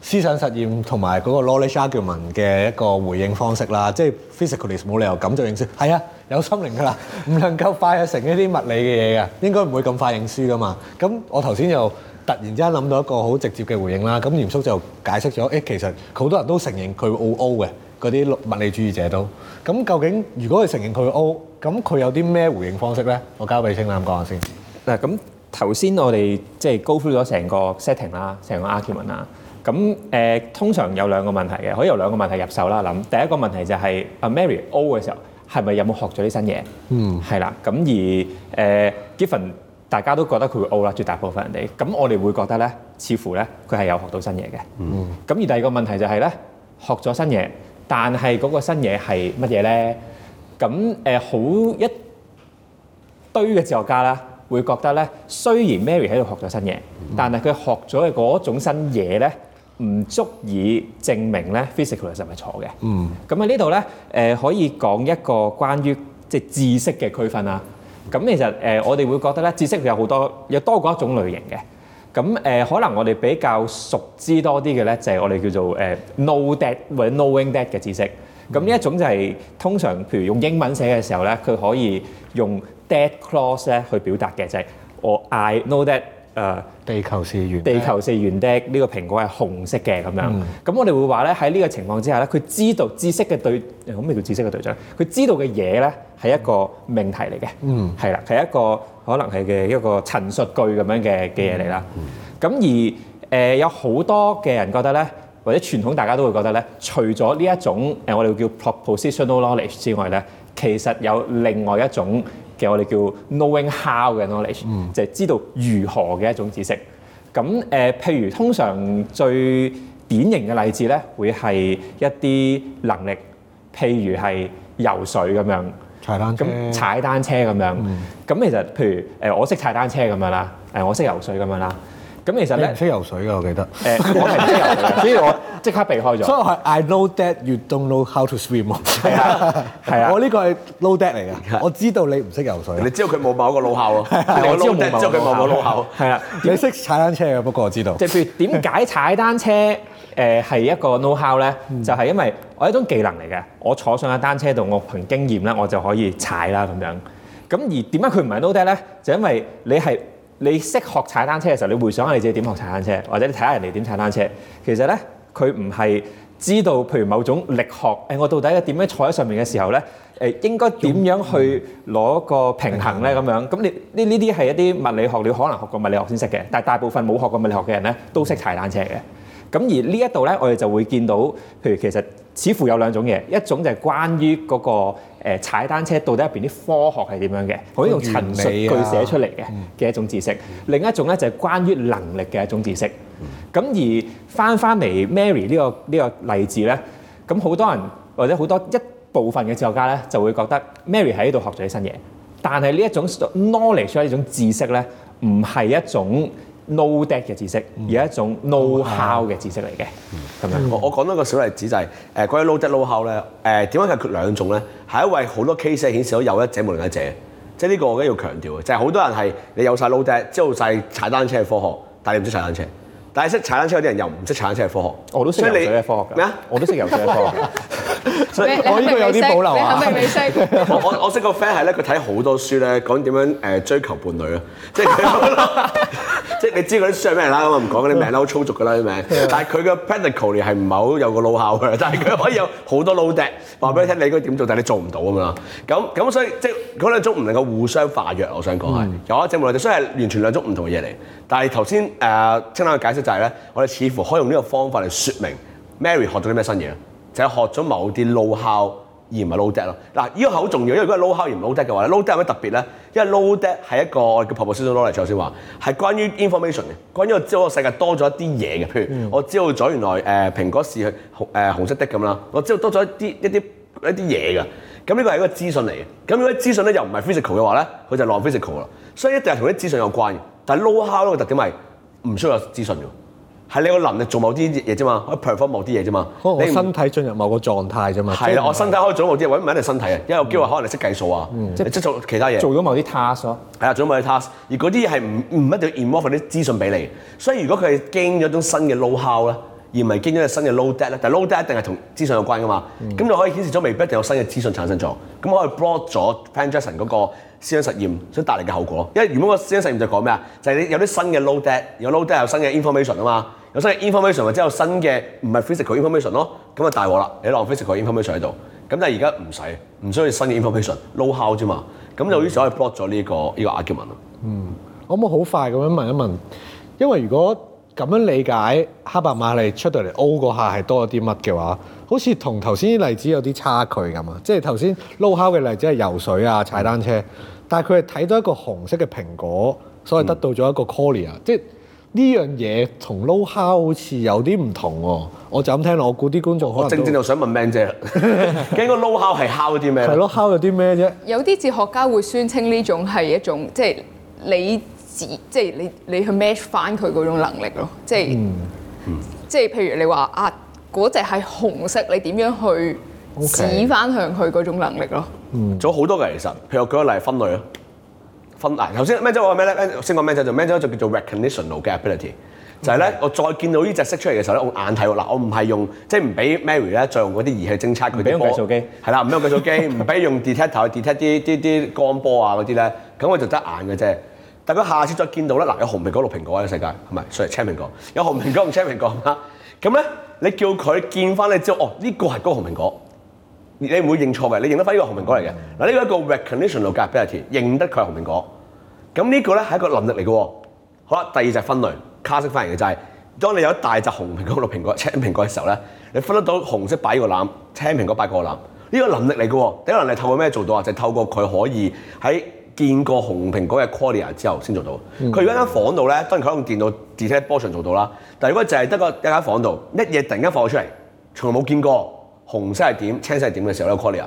Speaker 1: 思想實驗同埋嗰個 knowledge argument 嘅一個回應方式啦，即係 physicalist 冇理由咁就認輸，係啊，有心靈㗎啦，唔能夠化約成一啲物理嘅嘢㗎，應該唔會咁快認輸噶嘛。咁我頭先又突然之間諗到一個好直接嘅回應啦。咁嚴叔就解釋咗，誒、其實好多人都承認佢會 O O 嘅嗰啲物理主義者都。咁究竟如果佢承認佢會 O，咁佢有啲咩
Speaker 4: 回應方式咧？我交俾清楠講下先。嗱咁。頭先我哋即係 go through 咗成個 setting 啦，成個 argument 啦。咁誒通常有兩個問題嘅，可以由兩個問題入手啦諗。第一個問題就係阿 Mary O 嘅時候係咪有冇學咗啲新嘢？嗯，係啦。咁而誒 given 大家都覺得佢會 O 啦，絕大部分人哋。咁我哋會覺得咧，似乎咧佢係有學到新嘢嘅。嗯。咁而第二個問題就係咧學咗新嘢，但係嗰個新嘢係乜嘢咧？咁誒好一堆嘅哲學家啦。會覺得咧，雖然 Mary 喺度學咗新嘢，但係佢學咗嘅嗰種新嘢咧，唔足以證明咧 physical 係咪錯嘅。嗯，咁喺呢度咧，誒可以講一個關於即係知識嘅區分啦。咁其實誒我哋會覺得咧，知識有好多，有多過一種類型嘅。咁誒可能我哋比較熟知多啲嘅咧，就係我哋叫做誒 know that 或者 knowing that 嘅知識。咁呢一種就係通常譬如用英文寫嘅時候咧，佢可以用。Dead clause 咧，去表達嘅就係我 I know that，誒地球是圓，地球是圓的，呢個蘋果係紅色嘅，咁樣。咁我哋會話咧，喺呢個情況之下咧，佢知道知識嘅對誒，咁咩叫知識嘅對象。佢知道嘅嘢咧係一個命題嚟嘅，係啦係一個可能係嘅一個陳述句咁樣嘅嘅嘢嚟啦。咁而誒有好多嘅人覺得咧，或者傳統大家都會覺得咧，除咗呢一種誒我哋會叫 propositional knowledge 之外咧，其實有另外一種。其實我哋叫 knowing how 嘅 knowledge，就係知道如何嘅一種知識。咁誒、嗯呃，譬如通常最典型嘅例子咧，會係一啲能力，譬如係游水咁樣踩，踩單車，嗯呃、踩單車咁樣。咁其實譬如誒，我識踩單車咁樣啦，誒，我識游水咁樣啦。咁其實你係識游水㗎，我記得。誒，我係
Speaker 1: 識遊，所以我
Speaker 4: 即刻避開咗。所以係，I know that
Speaker 1: you don't know how to swim。係啊，係啊，我呢個係 know that 嚟㗎。我知道你唔識
Speaker 2: 游水。你知道佢冇某個 know how 喎。我 know that 之後佢冇某個 know how。係
Speaker 4: 啦，你識踩單車嘅，不過我知道。即係譬如點解踩單車誒係一個 know how 呢？就係因為我係一種技能嚟嘅。我坐上架單車度，我憑經驗咧，我就可以踩啦咁樣。咁而點解佢唔係 know that 呢？就因為你係。你識學踩單車嘅時候，你會想下你自己點學踩單車，或者你睇下人哋點踩單車。其實咧，佢唔係知道，譬如某種力學，誒、哎，我到底點樣坐喺上面嘅時候咧，誒，應該點樣去攞個平衡咧？咁樣，咁你呢呢啲係一啲物理學，你可能學過物理學先識嘅，但係大部分冇學過物理學嘅人咧，都識踩單車嘅。咁而呢一度咧，我哋就會見到，譬如其實似乎有兩種嘢，一種就係關於嗰個踩單車到底入邊啲科學係點樣嘅，可以用陳述句寫出嚟嘅嘅一種知識；嗯、另一種咧就係關於能力嘅一種知識。咁、嗯、而翻翻嚟 Mary 呢、這個呢、這個、例子咧，咁好多人或者好多一部分嘅哲學家咧就會覺得 Mary 喺呢度學咗啲新嘢，但係呢一種 knowledge 呢一種知識咧，唔係一種。no debt 嘅知識，有一種 no how 嘅知識嚟嘅，係咪、mm. 樣？我我講多個小例子就係、是，誒嗰啲
Speaker 2: no debt no how 咧、呃，誒點解係佢兩種咧？係因為好多 case 顯示到有一者冇另一者，即係呢個我一定要強調嘅，就係、是、好多人係你有晒 no debt，知道曬踩單車嘅科學，但係你唔識踩單車。但係識踩單車嗰啲人又唔識踩單車嘅科學，我都識。所以你咩啊？我都識，游水係科學。我呢個有啲保留啊。我我我識個 friend 係咧，佢睇好多書咧，講點樣誒追求伴侶啊。即係即係你知嗰啲書係咩人啦咁啊？唔講嗰啲名啦，好粗俗噶啦啲名。但係佢嘅 practical 係唔係好有個 know-how 嘅，但係佢可以有好多 know-that。話俾你聽，你應該點做，但係你做唔到吖嘛。咁咁所以即係嗰兩種唔能夠互相化約，我想講係的有一隻冇嚟，所以係完全兩種唔同嘅嘢嚟。但係頭先誒，簡、呃、嘅解釋就係、是、咧，我哋似乎可以用呢個方法嚟説明 Mary 學到啲咩新嘢就係、是、學咗某啲 l o a how 而唔係 l o w d e h a t 咯。嗱，呢個好重要，因為如果 l o a how 而唔 load e h a t 嘅話 l o w d e h a t 有咩特別咧？因為 l o w d that 係一個嘅婆婆先生攞嚟再先話，係關於 information 嘅，關於我知道我世界多咗一啲嘢嘅。譬如我知道咗原來誒、呃、蘋果是紅誒紅色的咁啦，我知道多咗一啲一啲一啲嘢嘅。咁呢個係一個資訊嚟嘅。咁如果資訊咧又唔係 physical 嘅話咧，佢就落 physical 啦。Ph ysical，所以一定係同啲資訊有關嘅。但係 know-how 嗰個特點咪唔需要有資訊喎，係你個能力做某啲嘢啫嘛，可以 perform 某啲嘢啫嘛。你身
Speaker 1: 體進入某個狀態啫
Speaker 2: 嘛。係啦，我身體可以做某啲嘢。揾唔一定身體啊，因為有機會可能係識計數啊，即係、嗯、做其他嘢。做咗某啲 task。係啊，做咗某啲 task，而嗰啲係唔唔一定要 inform 啲資訊俾你。所以如果佢係經咗種新嘅 know-how 咧，而唔係經咗個新嘅 know-that 咧，但係 know-that 一定係同資訊有關噶嘛。咁、嗯、就可以顯示咗未必一定有新嘅資訊產生咗。咁我係 brought 咗 Frank Jackson 嗰思想實驗所帶嚟嘅後果，因為試試什麼、就是 no、dead, 如果個思想實驗就講咩啊？就係你有啲新嘅 low、no、data，有 low data 有新嘅 information 啊嘛，有新嘅 information 或者有新嘅唔係 physical information 咯，咁啊大鑊啦，你浪 physical information 喺度。咁但係而家唔使，唔需要新嘅 information，low、no、h out 啫嘛。咁就於是可以 block 咗呢、這個呢 argument 啊。嗯，可
Speaker 1: 唔可以好快咁樣問一問？因為如果咁樣理解，黑白瑪莉出到嚟 O 嗰下係多咗啲乜嘅話？好似同頭先啲例子有啲差距咁啊！即係頭先 know-how 嘅例子係游水啊、踩單車，嗯、但係佢係睇到一個紅色嘅蘋果，所以得到咗一個 qualia、嗯。即係呢樣嘢同 know-how 好似有啲唔同喎。我就咁聽落，我估啲觀眾可能我正正就
Speaker 2: 想問 man 啫，應該 know-how 係 how 啲咩？係咯，know-how 有啲咩啫？
Speaker 3: 有啲哲學家會宣稱呢種係一種，即係你自即係你你去 match 翻佢嗰種能力咯。即係即係譬如你話啊。嗰隻係紅色，你點樣去指返向佢嗰種能力咯？Okay, 嗯，
Speaker 2: 仲有好多嘅其實，譬如我舉個例分類咯，分類。頭先咩姐話咩咧？先講咩姐就咩姐就叫做 recognitional 嘅 ability，就係咧我再見到呢隻色出嚟嘅時候咧，我眼睇嗱，我唔係用即係唔俾 Mary 咧再用嗰啲儀器偵測佢哋，唔俾用計數機，係啦，唔用計數機，唔俾 用 detector 去 detect 啲啲啲光波啊嗰啲咧，咁我就得眼嘅啫。大家下次再見到咧，嗱有紅蘋果綠蘋果喺世界，係咪？所以青蘋果有紅蘋果唔青蘋果啊，咁咧。你叫佢見翻你之後，哦，呢個係個紅蘋果，你唔會認錯嘅，你認得翻呢個紅蘋果嚟嘅。嗱，呢個一個 recognitional ability，認得佢係紅蘋果。咁呢個咧係一個能力嚟嘅。好啦，第二就係分類，卡式分類嘅就係，當你有一大隻紅蘋果、綠蘋果、青蘋果嘅時候咧，你分得到紅色擺個籃，青蘋果擺個籃，呢個能力嚟嘅。第一能力透過咩做到啊？就透過佢可以喺見過紅蘋果嘅 qualia 之後先做到。佢如果間房度咧，當然佢可以用電腦 detect i 波上做到啦。但如果就係得個一間房度，一夜突然間放出嚟，從來冇見過紅色係點、青色係點嘅時候咧 qualia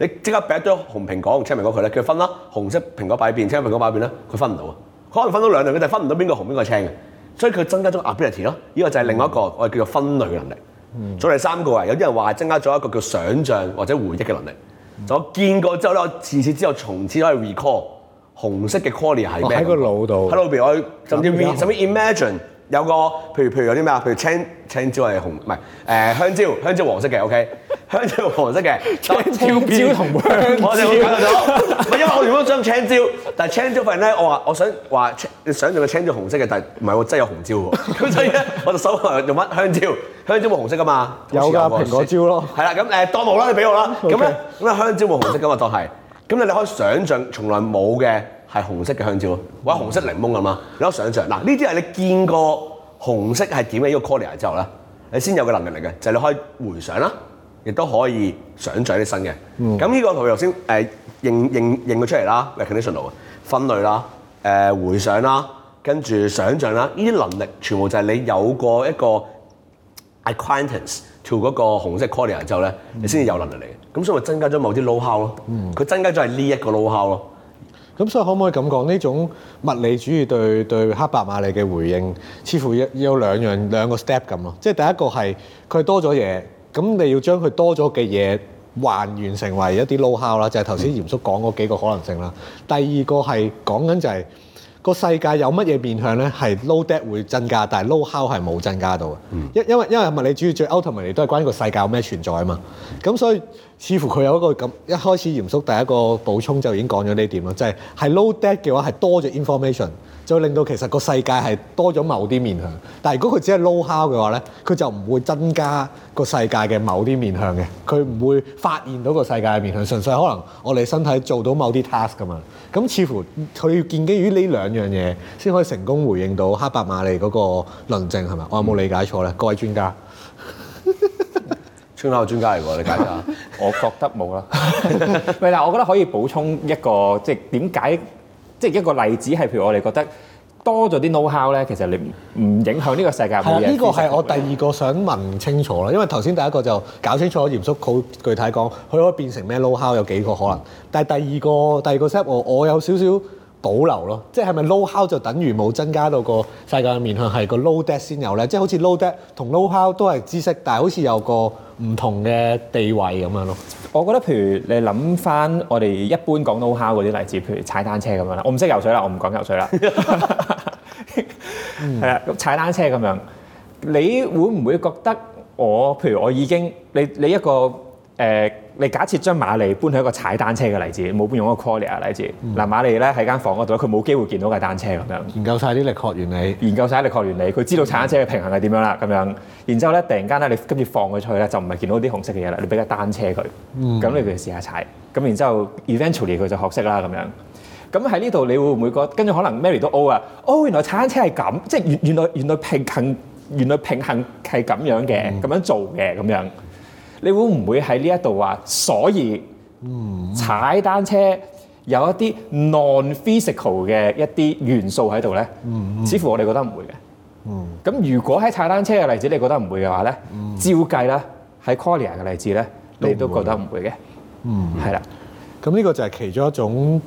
Speaker 2: 你即刻擺咗堆紅蘋果、青蘋果佢咧，佢分啦，紅色蘋果擺邊、青蘋果擺邊咧，佢分唔到啊。可能分到兩類，佢就分唔到邊個紅邊個青嘅。所以佢增加咗 ability 咯。呢、這個就係另外一個、嗯、我哋叫做分類嘅能力。再第三個啊，有啲人話增加咗一個叫想像或者回憶嘅能力。嗯、就我見過之後咧，自此之後從此可以 recall。紅色嘅 c o r o n y 係咩？喺個、哦、
Speaker 1: 腦度。喺腦
Speaker 2: 邊，我甚至甚至 imagine 有個，譬如譬如有啲咩啊？譬如青青椒係紅，唔係誒香蕉，香蕉黃色嘅，OK。香蕉黃色嘅，青椒同我香，香蕉我哋講到， 因為我如果將青椒，但係青椒份咧，我話我想話，你想象個青椒紅色嘅，但係唔係我真係有紅椒喎。咁 所以咧，我就搜下用乜？香蕉，香蕉冇紅色噶嘛？有㗎，蘋果蕉咯。係啦，咁誒當冇啦，你俾我啦。咁咧 Okay.，咁啊香蕉冇紅色噶嘛，當係。咁你你可以想象從來冇嘅係紅色嘅香蕉，或者紅色檸檬係嘛？你可以想象，嗱呢啲係你見過紅色係點嘅一個概念之後咧，你先有個能力嚟嘅，就係、是、你可以回想啦，亦都可以想象啲新嘅。咁呢、嗯、個圖頭先認認認佢出嚟啦 recognition 到嘅分類啦，回想啦，跟住想像啦，呢啲能力全部就係你有過一個 acquaintance。跳嗰個紅色 coin 之後咧，你先至有能力嚟，咁所以咪增加咗某啲 know-how 咯。佢、嗯、增加咗係呢一個 know-how 咯。
Speaker 1: 咁、嗯、所以可唔可以咁講？呢種物理主義對對黑白馬利嘅回應，似乎有有兩樣兩個 step 咁咯。即係第一個係佢多咗嘢，咁你要將佢多咗嘅嘢還原成為一啲 know-how 啦，how, 就係頭先鹽叔講嗰幾個可能性啦。第二個係講緊就係、是。個世界有乜嘢面向咧？係 low debt 會增加，但係 low how 係冇增加到嘅。因因為因為物理主義最 ultimately 都係關於個世界有咩存在啊嘛。咁所以似乎佢有一個咁，一開始嚴肅，第一個補充就已經講咗呢點啦，就係係 low debt 嘅話係多咗 information。就令到其實個世界係多咗某啲面向，但係如果佢只係 know-how 嘅話咧，佢就唔會增加個世界嘅某啲面向嘅，佢唔會發現到個世界嘅面向，純粹可能我哋身體做到某啲 task 㗎嘛。咁似乎佢要建基於呢兩樣嘢先可以成功回應到黑白瑪莉嗰個
Speaker 4: 論證係咪？我有冇理解錯咧？各位專家，穿口專家嚟喎，你解下。我覺得冇啦。唔係，但係我覺得可以補充一個，即係點解？即係一個例子係，譬如我哋覺得多咗啲 know how 咧，其實你唔影響呢個世界。係啊，呢個係我第二個想問清楚咯。因為頭先第一個就搞清楚，嚴肅好
Speaker 1: 具體講，佢可以變成咩 know how 有幾個可能。嗯、但係第二個第二個 step 我我有少少保留咯。即係咪 know how 就等於冇增加到個世界嘅面向，係個 know that 先有咧？即係好似 know that 同 know how 都係知識，但係好似有個唔同嘅地
Speaker 4: 位咁樣咯，我覺得譬如你諗翻我哋一般講到 o h 嗰啲例子，譬如踩單車咁樣啦，我唔識游水啦，我唔講游水啦，係啦，踩單車咁樣，你會唔會覺得我譬如我已經你你一個誒？呃你假設將瑪莉搬去一個踩單車嘅例子，冇搬用一個 qualia 嘅例子。嗱、嗯，瑪莉咧喺間房嗰度佢冇機會見到架單車咁樣。研究晒啲力學原理，研究晒力學原理，佢知道踩單車嘅平衡係點樣啦咁樣。然之後咧，突然間咧，你跟住放佢出去咧，就唔係見到啲紅色嘅嘢啦。你俾架單車佢，咁、嗯、你佢試一下踩。咁然之後 eventually 佢就學識啦咁樣。咁喺呢度你會唔會覺得？跟住可能 Mary 都 O 啊，哦原來踩單車係咁，即係原來原來平衡原來平衡係咁樣嘅，咁樣做嘅咁、嗯、樣。你會唔會喺呢一度話，所以踩單車有一啲 non-physical 嘅一啲元素喺度咧？Mm hmm. 似乎我哋覺得唔會嘅。咁、mm hmm. 如果喺踩單車嘅例子你覺得唔會嘅話咧，mm hmm. 照計咧喺 c o r i a 嘅例子咧，你都覺得唔會嘅，係啦。咁呢、mm hmm. 了個就係其中一種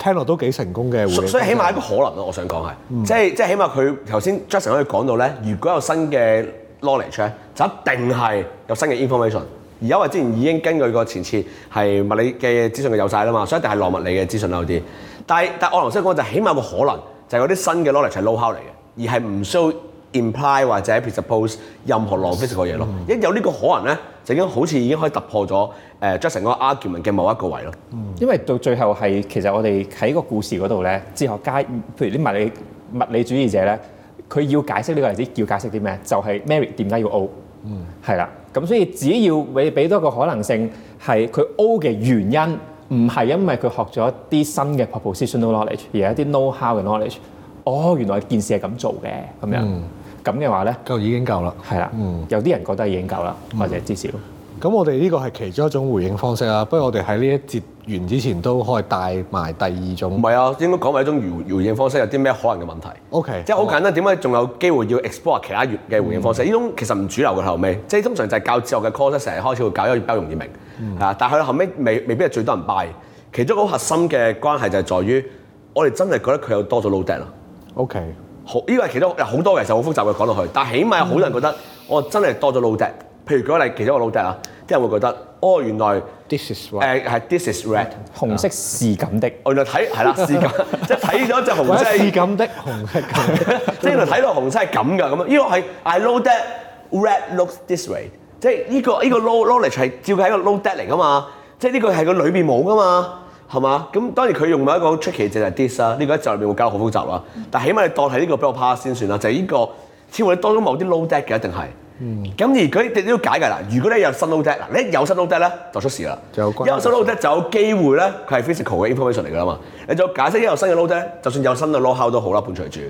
Speaker 4: 聽落都
Speaker 1: 幾成功嘅。所以起碼一個
Speaker 2: 可能咯、啊，我想講係，即係即係起碼佢頭先 Jackson 可以講到咧，如果有新嘅 knowledge 咧，就一定係有新嘅 information。而因為之前已經根據個前設係物理嘅資訊嘅有晒啦嘛，所以一定係落物理嘅資訊多啲。但係但我頭先講就起碼有個可能就係嗰啲新嘅 knowledge 係 low-how 嚟嘅，而係唔需要 imply
Speaker 4: 或者 presuppose 任何落 physics 嘅嘢咯。
Speaker 2: 一有呢個可能咧，就已經好似已經可以突破
Speaker 4: 咗誒 Jackson 嗰 argument 嘅某一個位咯。因為到最後係其實我哋喺個故事嗰度咧，哲學家譬如啲物理物理主義者咧，佢要解釋呢個例子，要解釋啲咩？就係 Mary 點解要 O？嗯，係啦。咁所以只要你俾多個可能性，係佢 O 嘅原因唔係因為佢學咗一啲新嘅 propositional knowledge，而係一啲 know-how 嘅 knowledge。哦，原來件事係咁做嘅，咁樣咁嘅、嗯、話咧，夠已經夠啦，係啦的。嗯、有啲人覺得已經夠啦，或者、嗯嗯、至少。咁我哋呢個係
Speaker 1: 其中一種回應方式啦，不過我哋喺呢一節完之前都可以帶埋第二種。唔係
Speaker 2: 啊，應該講係一種回回應方式，有啲咩可能嘅問題？OK，即係好簡單，點解仲有機會要 explore 其他月嘅回應方式？呢種、嗯、其，其實唔主流嘅後尾，即係通常就係教之後嘅 course 成日開始會搞，因為比較容易明。啊、嗯，但係佢後尾未未必係最多人拜。其中一個核心嘅關係就係在於，我哋真係覺得佢有多咗 load e h t 啦。OK。好，呢、這個係其中好多嘅，就好複雜嘅講落去，但起碼好多人覺得我真係多咗 load、no、e h t 譬如講例，其中我 know that 啊，啲人會覺得哦，原來 this is i、right, s、uh, is red， 紅色是咁的。原來睇係啦，是咁，即係睇咗隻紅色係
Speaker 1: 咁的，紅色
Speaker 2: 咁。即係原來睇到紅色係咁噶，咁、這、呢個係 I know that red looks this way，即係呢個依、這個 know knowledge 係照佢係一個 know that 嚟噶嘛，即係呢個係個裏邊冇噶嘛，係嘛？咁當然佢用到一個 tricky 就係 this 啦，呢個一集入面會搞得好複雜啦。但係起碼你當係呢個俾我 pass 先算啦，就係、是、呢、這個，似乎你當中某啲 know that 嘅一定係。咁而佢亦都要解㗎啦。如果你有新 load debt，嗱，你有新 load debt 咧就出事啦。就有關係。有新 load debt 就有機會咧，佢係 physical 嘅 information 嚟㗎嘛。你再解釋一有新嘅 load debt，就算有新嘅 load out 都好啦，伴隨住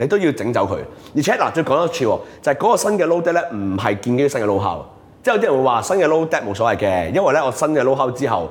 Speaker 2: 你都要整走佢。而且嗱、啊，再講多次喎，就係、是、嗰個新嘅 load debt 咧，唔係見到新嘅 load out。即係有啲人會話新嘅 load debt 冇所謂嘅，因為咧我新嘅 load out 之後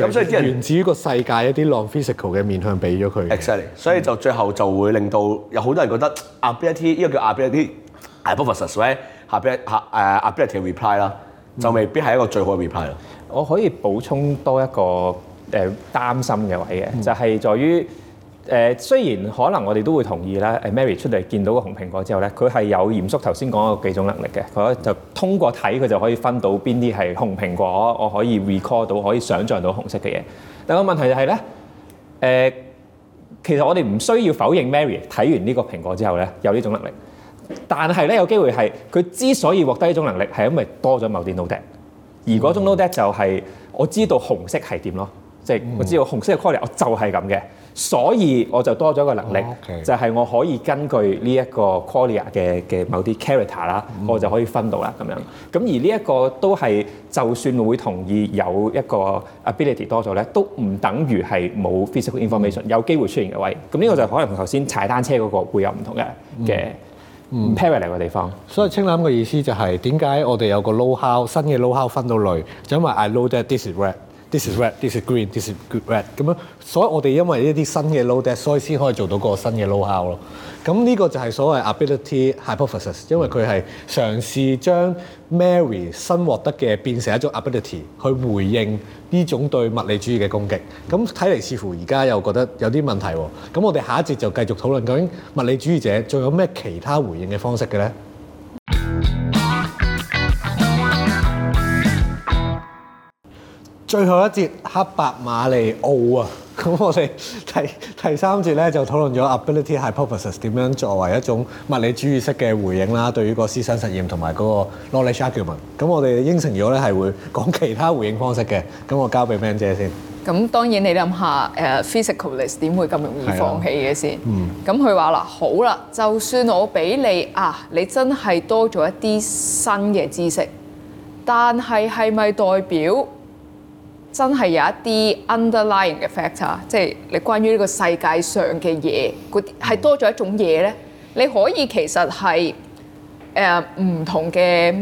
Speaker 2: 咁所以啲人源自於個世界一啲 non-physical 嘅面向俾咗佢，exactly，所以就最後就會令到有好多人覺得 ability、mm hmm. 呢個叫 ability
Speaker 4: hypothesis 咧，誒 ability 嘅 reply 啦，就未必係一個最好嘅 reply、mm hmm. 我可以補充多一個誒、呃、擔心嘅位嘅，mm hmm. 就係在於。誒、呃、雖然可能我哋都會同意咧，Mary 出嚟見到個紅蘋果之後咧，佢係有嚴肅頭先講嗰幾種能力嘅，佢就通過睇佢就可以分到邊啲係紅蘋果，我可以 recall 到可以想像到紅色嘅嘢。但個問題就係、是、咧，誒、呃、其實我哋唔需要否認 Mary 睇完呢個蘋果之後咧有呢種能力，但係咧有機會係佢之所以獲得呢種能力係因為多咗某啲 node，而嗰種 node 就係我知道紅色係點咯，即係、嗯、我知道紅色嘅 quality 就係咁嘅。所以我就多咗一個能力，Okay. 就係我可以根據呢一個 qualia 嘅嘅某啲 character 啦，mm hmm. 我就可以分到啦咁樣。咁而呢一個都係就算會同意有一個 ability 多咗咧，都唔等於係冇 physical information、mm hmm. 有機會出現嘅位置。咁呢個就可能同頭先踩單車嗰個會有唔同嘅嘅、
Speaker 1: mm hmm. parallel 嘅地方。所以清楠嘅意思就係點解我哋有個 know-how 新嘅 know-how 分到類，就因為 I know that this is red。This is red, this is green, this is green, red 咁樣，所以我哋因為一啲新嘅 know-that 所以先可以做到個新嘅 know-how 咯。咁呢個就係所謂 ability hypothesis，因為佢係嘗試將 Mary 新獲得嘅變成一種 ability 去回應呢種對物理主義嘅攻擊。咁睇嚟似乎而家又覺得有啲問題喎。咁我哋下一節就繼續討論究竟物理主義者仲有咩其他回應嘅方式嘅咧？最後一節黑白瑪莉噢啊！咁 我哋第第三節咧就討論咗 ability hypothesis 點樣作為一種物理主義式嘅回應啦。對於個思想實驗同埋嗰個 knowledge argument，咁 我哋應承咗咧係會講其他回應方式嘅。咁 我交俾 Man 姐先。
Speaker 3: 咁當然你諗下誒、uh, physicalist 點會咁容易放棄嘅先？的嗯。咁佢話啦：好啦，就算我俾你啊，你真係多咗一啲新嘅知識，但係係咪代表？真係有一啲 underlying 嘅 factor，即係你關於呢個世界上嘅嘢啲，係多咗一種嘢咧。你可以其實係誒唔同嘅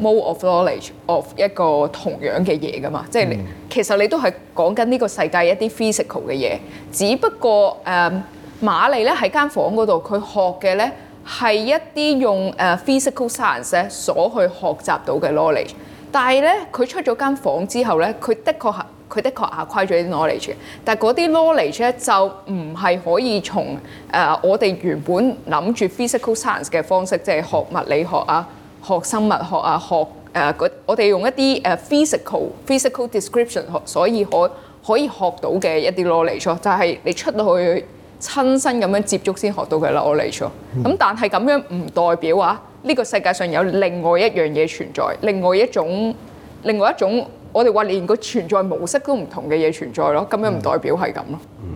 Speaker 3: mode of knowledge of 一個同樣嘅嘢㗎嘛。即係你，嗯，其實你都係講緊呢個世界一啲 physical 嘅嘢，只不過誒瑪莉咧喺間房嗰度，佢學嘅咧係一啲用誒 physical science 咧所去學習到嘅 knowledge。但係咧，佢出咗間房之後咧，佢的確係，佢的確 acquire 咗啲 knowledge，但係嗰啲 knowledge 咧就唔係可以從誒、呃、我哋原本諗住 physical science 嘅方式，即係學物理學啊、學生物學啊、學誒嗰、呃、我哋用一啲誒 physical physical description 學，所以可以可以學到嘅一啲 knowledge，就係你出到去親身咁樣接觸先學到嘅 knowledge。咁、嗯、但係咁樣唔代表話，呢個世界上有另外一樣嘢存在，另外一種，另外一種，我哋話連個存在模式都唔同嘅嘢存在咯，咁樣唔代表係咁咯。嗯，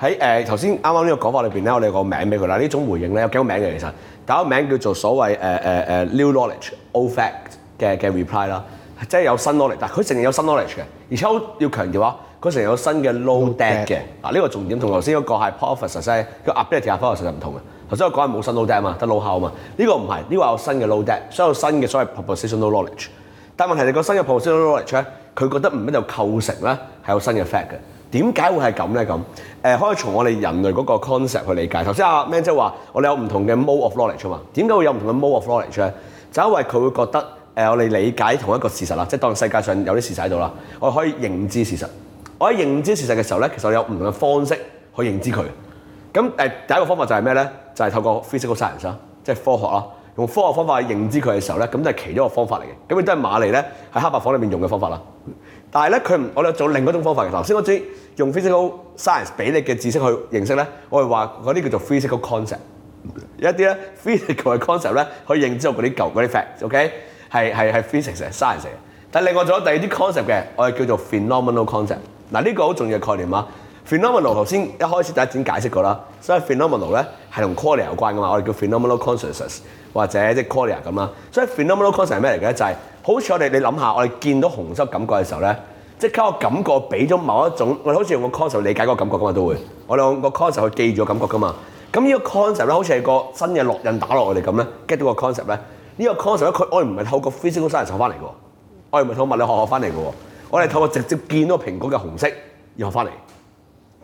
Speaker 2: 喺誒頭先啱啱呢個講法裏邊咧，我哋有個名俾佢啦。呢種回應咧有幾個名嘅其實，第一個名叫做所謂誒誒誒 new knowledge old fact 嘅嘅 reply 啦，即係有新 knowledge，但係佢成日有新 knowledge 嘅，而且要強調啊，佢成日有新嘅 low debt 嘅。嗱呢個重點同頭先嗰個係 hypothesis，個 ability hypothesis 唔同啊。頭先我講係冇新腦袋啊嘛，得腦後啊嘛，呢個唔係，呢個有新嘅腦袋，所以有新嘅所謂 propositional knowledge。但問題你個新嘅 propositional knowledge 咧，佢覺得唔一定夠構成咧係有新嘅 fact 嘅。點解會係咁咧？咁可以從我哋人類嗰個 concept 去理解。頭先阿 Man 姐話我哋有唔同嘅 mode of knowledge 啊嘛。點解會有唔同嘅 mode of knowledge 咧？就因為佢會覺得我哋理解同一個事實啦，即係當世界上有啲事實喺度啦，我哋可以認知事實。我喺認知事實嘅時候咧，其實我有唔同嘅方式去認知佢。咁誒，第一個方法就係咩咧？就係、是、透過 physical science，即係科學啦。用科學方法去認知佢嘅時候咧，咁就係其中一個方法嚟嘅。咁亦都係瑪莉咧，喺黑白房裏面用嘅方法啦。但係咧，佢唔，我哋做另一種方法嘅。頭先我知用 physical science 俾你嘅知識去認識咧，我係話嗰啲叫做 physical concept。有一啲咧，physical 嘅 concept 咧，可以認知我嗰啲舊嗰啲 fact，OK？、Okay？係係係 physics，係 science。但另外仲有第二啲 concept 嘅，我哋叫做 phenomenal concept。嗱，呢個好重要嘅概念啊！phenomenal 頭先一開始第一節解釋過啦，所以 phenomenal 咧係同 qualia 有關噶嘛。我哋叫 phenomenal consciousness 或者即 qualia 咁啊。所以 phenomenal concept 係咩嚟嘅？就係、是、好似我哋你諗下，我哋見到紅色的感覺嘅時候咧，即刻個感覺俾咗某一種我哋好似用個 concept 理解嗰個感覺咁嘛，都會我用個 concept 去記住個感覺噶嘛。咁呢個 concept 咧好似係個新嘅烙印打落我哋咁咧 get 到個 concept 咧呢個 concept 咧，我哋唔係透過 physical science 學翻嚟嘅，我哋唔係透過物理學學翻嚟嘅，我哋透過直接見到蘋果嘅紅色要學翻嚟。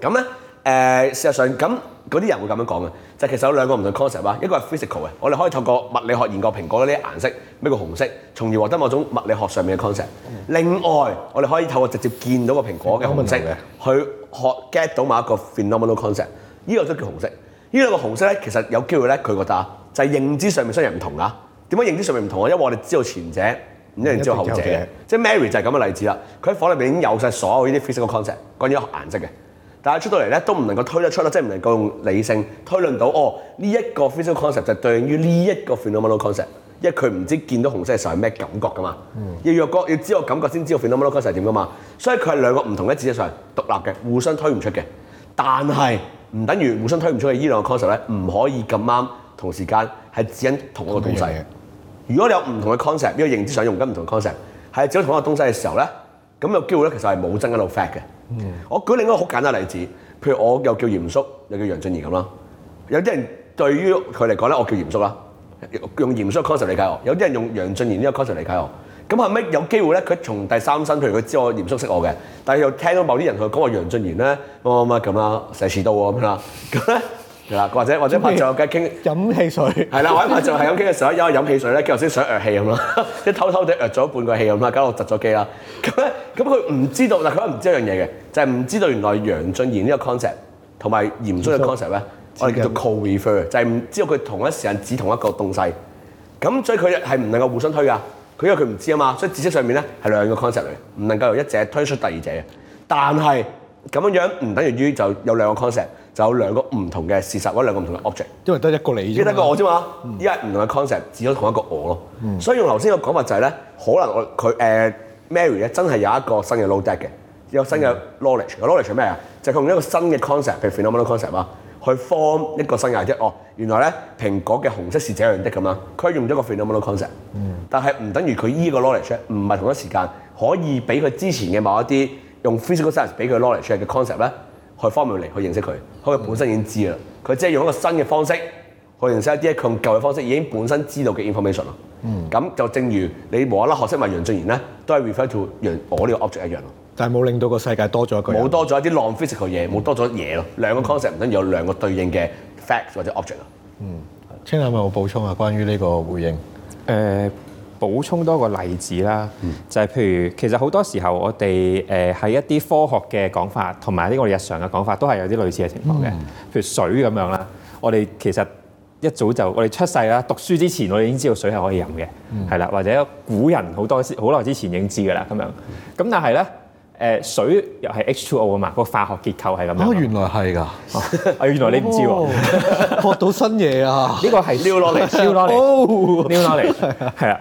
Speaker 2: 咁咧，誒、呃，事實上，咁嗰啲人會咁樣講嘅，就係、其實有兩個唔同 concept 啊。一個係 physical 嘅，我哋可以透過物理學研究蘋果嗰啲顏色，咩叫紅色，從而獲得某種物理學上面嘅 concept。嗯、另外，我哋可以透過直接見到個蘋果嘅紅色，問題去學 get 到某一個 phenomenal concept。呢個個都叫紅色。呢、這個、兩個紅色咧，其實有機會咧，佢覺得啊，就係認知上面雖然唔同啦。點解認知上面唔同啊？因為我哋知道前者，唔一定知道後者。即係 Mary 就係咁嘅例子啦。佢喺房入面已經有晒所有呢啲 physical concept 關於顏色嘅。但係出到嚟咧，都唔能夠推得出咯，即係唔能夠用理性推論到哦呢一個 physical concept 就對應於呢一個 phenomenal concept，因為佢唔知見到紅色嘅時候係咩感覺噶嘛，嗯、要若覺要知個感覺先知個 phenomenal concept 係點噶嘛，所以佢係兩個唔同嘅知識上獨立嘅，互相推唔出嘅。但係是唔等於互相推唔出去呢兩個 concept 咧，唔可以咁啱同時間係指緊同，同，同，同，同一個東西嘅。如果你有唔同嘅 concept，因為認知上用緊唔同 concept 係指同一個東西嘅時候咧，咁有機會咧，其實係冇增加到 fact 嘅。嗯、我舉另一個好簡單例子，譬如我又叫嚴叔，又叫楊俊賢咁啦。有啲人對於佢嚟講咧，我叫嚴叔啦，用嚴叔 concept 嚟睇我；有啲人用楊俊賢呢個 concept 嚟睇我。咁後尾有機會咧，佢從第三身，譬如佢知道我嚴叔識我嘅，但係又聽到某啲人去講我楊俊賢咧，乜乜咁啊，射士刀咁啊，咁咧。啦，或者或者拍醬又繼續傾飲汽水。係啦，或者拍醬係咁傾嘅時候，因為飲汽水咧，佢頭先想吸氣咁咯，即係偷偷地吸咗半個氣咁啦，搞到窒咗機啦。咁咧，咁佢唔知道，嗱，佢唔知一樣嘢嘅，就係、是、唔知道原來楊俊賢呢個 concept 同埋鹽叔嘅 concept 咧，我哋叫做 co-refer，就係唔知道佢同一時間指同一個東西。咁所以佢係唔能夠互相推噶，佢因為佢唔知啊嘛，所以知識上面咧係兩個 concept 嚟嘅，唔能夠由一者推出第二者嘅。但係咁、嗯、樣樣唔等於就有兩個 concept。就有兩個唔同嘅事實或者兩個唔同嘅 object，因為得一個你啫，得個我啫嘛。依家唔同嘅 concept 只咗同一個我咯。嗯、所以用頭先嘅講法就係、是、咧，可能我佢、呃、Mary 咧真係有一個新嘅 knowledge 嘅，有新嘅 knowledge。個、嗯、knowledge 係咩啊？就佢、是、用一個新嘅 concept，譬如 phenomenal concept 啊，去 form 一個新嘅啫。哦，原來咧蘋果嘅紅色是這樣的咁啦。佢用咗一個 phenomenal concept，、嗯、但係唔等於佢依個 knowledge 唔係同一時間可以俾佢之前嘅某一啲用 physical science 俾佢 knowledge 嘅 concept 咧。去方面嚟去認識佢，佢本身已經知啦。佢即係用一個新嘅方式去認識一啲，佢用舊嘅方式已經本身知道嘅 information 咯。嗯，咁就正如你無啦啦學識埋楊俊賢咧，都係 refer to 我呢個 object 一樣咯。但係冇令到個世界多咗一個人，冇多咗一啲 non-physical 嘢，冇、嗯、多咗嘢咯。兩個 concept 唔等於有兩個對應嘅 fact 或者 object 咯。
Speaker 4: 嗯，清楠有冇補充啊？關於呢個回應？誒、呃。補充多個例子啦，就係、是、譬如其實好多時候我哋誒喺一啲科學嘅講法，同埋啲我哋日常嘅講法，都係有啲類似嘅情況嘅。嗯、譬如水咁樣啦，我哋其實一早就我哋出世啦，讀書之前我哋已經知道水係可以飲嘅，係啦、嗯，或者古人好多好耐之前已經知噶啦咁樣。咁但係咧誒水又係 H 二 O 啊嘛，個化學結構係咁樣的，啊。原來係㗎、啊，原來你唔知喎，哦、 學到新嘢啊！呢個係 new knowledge，new knowledge，new knowledge，係啊。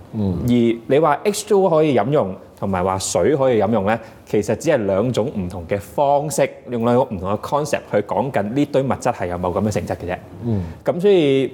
Speaker 4: 嗯、而你話 H2O 可以飲用，同埋話水可以飲用咧，其實只係兩種唔同嘅方式，用兩個唔同嘅 concept 去講緊呢堆物質係有冇咁嘅性質嘅啫。嗯，咁所以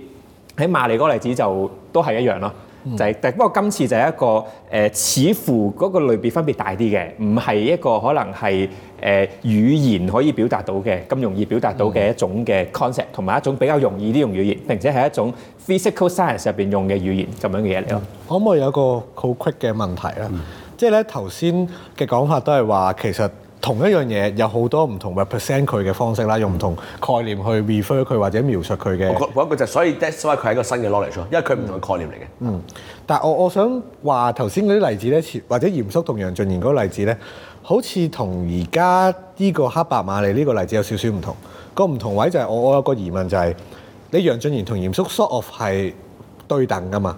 Speaker 4: 喺瑪莉嗰個例子就都係一樣咯。嗯、就係、是，不過今次就係一個誒、呃，似乎嗰個類別分別大啲嘅，唔係一個可能係誒、呃、語言可以表達到嘅咁容易表達到嘅一種嘅 concept，同埋一種比較容易啲語言，並且係一種 physical science 入邊用嘅語言咁樣嘅嘢嚟咯。可唔可以有一個好 quick 嘅問題啦？
Speaker 1: 即係咧頭先嘅講法都係話其實。同一樣嘢有好多唔同嘅 represent 佢嘅方式啦，用唔同概念去 refer 佢或者描述佢嘅。我
Speaker 2: 講一句就，所以 that's why 佢係一個新嘅 knowledge，因為佢唔同嘅概念嚟嘅、
Speaker 1: 嗯。嗯，但係我我想話頭先嗰啲例子咧，或者嚴叔同楊俊賢嗰個例子咧，好似同而家呢個黑白瑪莉呢個例子有少少唔同。個唔同位就係、是、我我有個疑問就係、是、你楊俊賢同嚴叔 sort of 係對等㗎嘛？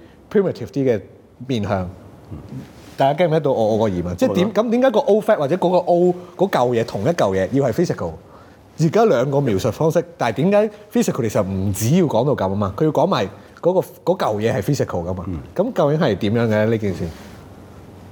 Speaker 1: primitive 啲嘅面向，大家驚唔驚到我我個疑問？即係點咁？點解個 old fact 或者嗰個 old 嗰舊嘢同一舊嘢要係 physical？而家兩個描述方式，但係點解 physical 其實唔只要講到咁啊嘛？佢要講埋嗰個嗰舊嘢係 physical 噶嘛？咁究竟係點樣嘅呢件事？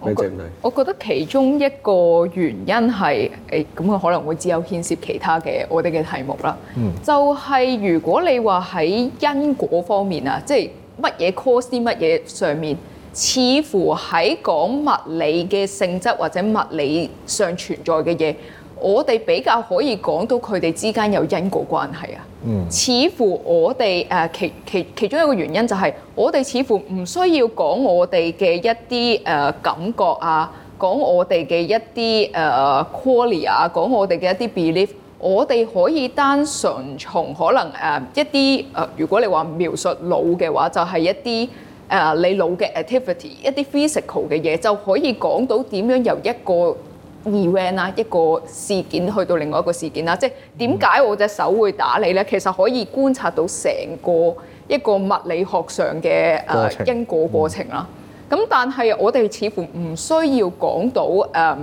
Speaker 1: 你睇唔睇？
Speaker 3: 我覺得其中一個原因係誒，咁佢可能會只有牽涉其他嘅我哋嘅題目啦。就係如果你話喺因果方面啊，即係。乜嘢 cause 啲乜嘢上面，似乎喺講物理嘅性質或者物理上存在嘅嘢，我哋比較可以講到佢哋之間有因果關係啊。嗯，似乎我哋誒其其其中一個原因就係、是，我哋似乎唔需要講我哋嘅一啲誒、呃、感覺啊，講我哋嘅一啲誒、呃、quality 啊，講我哋嘅一啲 belief。我哋可以單純從可能、呃、一啲、呃、如果你話描述腦嘅話，就係、是、一啲、呃、你腦嘅 activity，一啲 physical 嘅嘢就可以講到點樣由一個 event 啦，一個事件去到另外一個事件啦。即係點解我隻手會打你咧？嗯、其實可以觀察到成個一個物理學上嘅誒因果過程啦。咁、嗯、但係我哋似乎唔需要講到誒，唔、呃、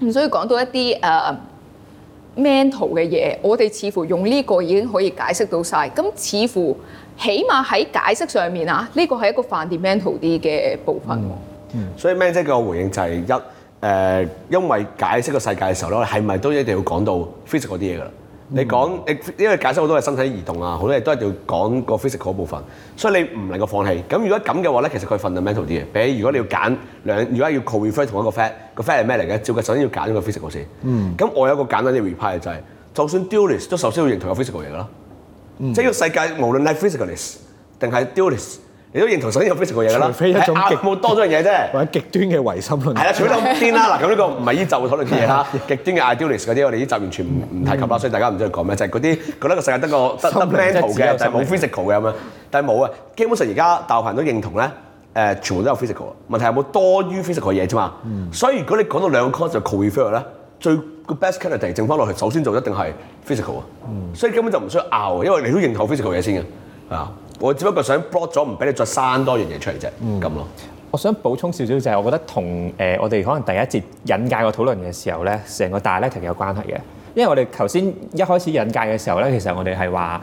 Speaker 3: 需要講到一啲 mental 嘅嘢，我哋似乎用呢個已經可以解釋到晒。咁似乎起碼喺解釋上面啊，呢、這個係一個 fundamental 啲嘅部分。嗯
Speaker 2: 嗯、所以 man 姐嘅回應就係、是、一、呃、因為解釋個世界嘅時候咧，係咪都一定要講到 physical 啲嘢㗎啦？你講，因為你解釋好多係身體移動啊，好多嘢都係要講個 physical 部分，所以你唔能夠放棄。咁如果咁嘅話咧，其實佢 fundamental 啲嘅。比如，如果你要揀兩，如果要 co-refer 同一個 fact，個 fact 係咩嚟嘅？照佢首先要揀個 physical 先。嗯。咁我有一個簡單啲 reply 就係、是，就算 dualness 都首先要認同有 physical 嘢㗎啦。嗯、即係個世界無論 like physicalness 定係 dualness 你都認同首先有 physical 嘢㗎啦，除非一種極冇多咗樣嘢啫，或者極端嘅唯心論。係啦，除非咁癲啦。嗱，咁呢個唔係依集會討論啲嘢啦，極端嘅 idealism 嗰啲，我哋依集完全唔唔提及啦。所以大家唔知佢講咩，就係嗰啲覺得個世界得個得得 mental 嘅，就係冇 physical 嘅咁樣。但係冇啊，基本上而家大部分人都認同咧。誒，全部都有 physical。問題係冇多於 physical 嘢啫嘛。所以如果你講到兩個 concept co-refer 咧，最個 best candidate 淨翻落去，首先就一定係 physical 啊。所以根本就唔需要拗嘅，因為你都認同 physical 嘢先嘅啊。我只不過想 block 咗，唔俾你再生多、嗯、樣嘢出嚟啫，
Speaker 4: 咁咯。我想補充少少就係，我覺得同、呃、我哋可能第一節引介個討論嘅時候咧，成個大 topic 有關係嘅。因為我哋頭先一開始引介嘅時候咧，其實我哋係話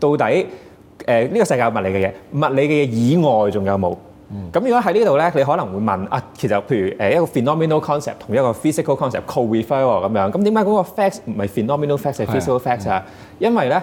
Speaker 4: 到底呢、呃呢個世界有物理嘅嘢，物理嘅嘢以外仲有冇？咁、嗯、如果喺呢度咧，你可能會問啊，其實譬如一個 phenomenal concept 同一個 physical concept co refer 喎，咁樣咁點解嗰個 facts 唔係 phenomenal facts 係 physical facts 的啊？Fact? 嗯、因為咧。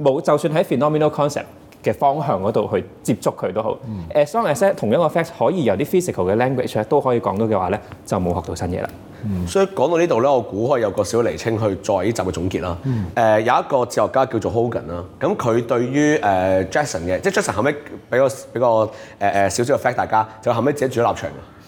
Speaker 4: 冇，就算喺 phenomenal concept 嘅方向嗰度去接觸佢都好。As long as、嗯、同一個 fact 可以有啲 physical 嘅 language 都可以講到嘅話咧，就冇學到新嘢啦。所以講到呢度咧，
Speaker 2: 我估可以有個小厘清去再呢集嘅總結啦、嗯呃。有一個哲學家叫做 Hogan 啦，咁佢對於誒 Jackson 嘅，即係 Jackson 後屘俾個俾個誒誒少少嘅 fact，大家就後屘自己轉咗立場。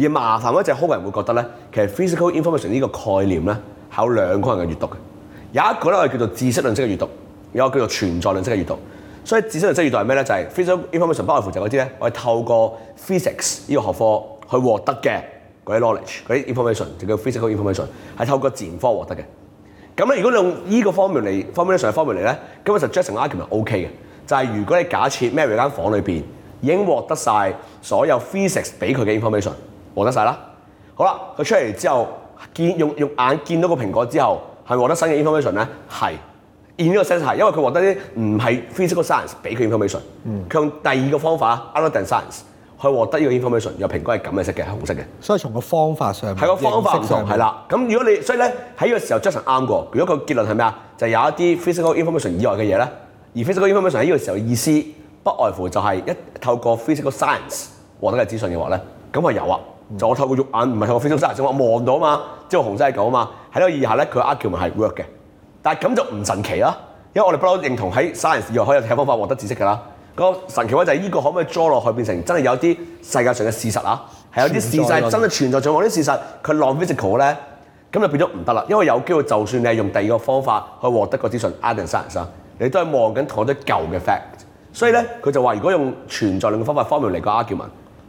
Speaker 2: 而麻煩嗰隻好多人會覺得咧，其實 physical information 呢個概念咧係有兩個人嘅閱讀嘅。有一個咧我係叫做知識論式嘅閱讀，有一個我叫做存在論式嘅閱讀。所以知識論式閱讀係咩咧？就係、是、physical information 不外乎就係嗰啲咧，我係透過 physics 呢個學科去獲得嘅嗰啲 knowledge、嗰啲 information，就叫 physical information，係透過自然科獲得嘅。咁咧，如果你用呢個方面嚟 formation 嘅方面嚟咧，咁個 Jackson argument 係 OK 嘅。就係、是、如果你假設 Mary 間房裏邊已經獲得晒所有 physics 俾佢嘅 information。獲得晒啦，好啦，佢出嚟之後見用用眼見到個蘋果之後，係獲得新嘅 information 咧，係。In 呢個 sense 係，因為佢獲得啲唔係 physical science 俾佢 information。佢、嗯、用第二個方法啊、mm.，other than science，去獲得呢個 information。有蘋果係咁嘅色嘅，紅色嘅。
Speaker 1: 所以從個方法上係個方法唔同，係啦。
Speaker 2: 咁如果你所以咧喺呢個時候 Jackson 啱過。如果個結論係咩啊？就有一啲 physical information 以外嘅嘢咧。而 physical information 喺呢個時候意思不外乎就係一透過 physical science 獲得嘅資訊嘅話咧，咁啊有啊。嗯、就我透過肉眼，唔係透過非週生，我望到嘛，即係紅色狗啊嘛，喺呢個以下咧，佢 argument 係 work 嘅。但係咁就唔神奇啦，因為我哋不嬲認同喺 science 以外可以睇方法獲得知識㗎啦。個神奇位就係呢個可唔可以 draw 落去變成真係有啲世界上嘅事實啊？係有啲事實真係存在咗。我啲事實，佢 law physical 咧，咁就變咗唔得啦。因為有機會，就算你係用第二個方法去獲得個資訊 a r s c i e n c e 唔你都係望緊同一啲舊嘅 fact。所以咧，佢就話如果用存在論嘅方法 formula 嚟個 argument，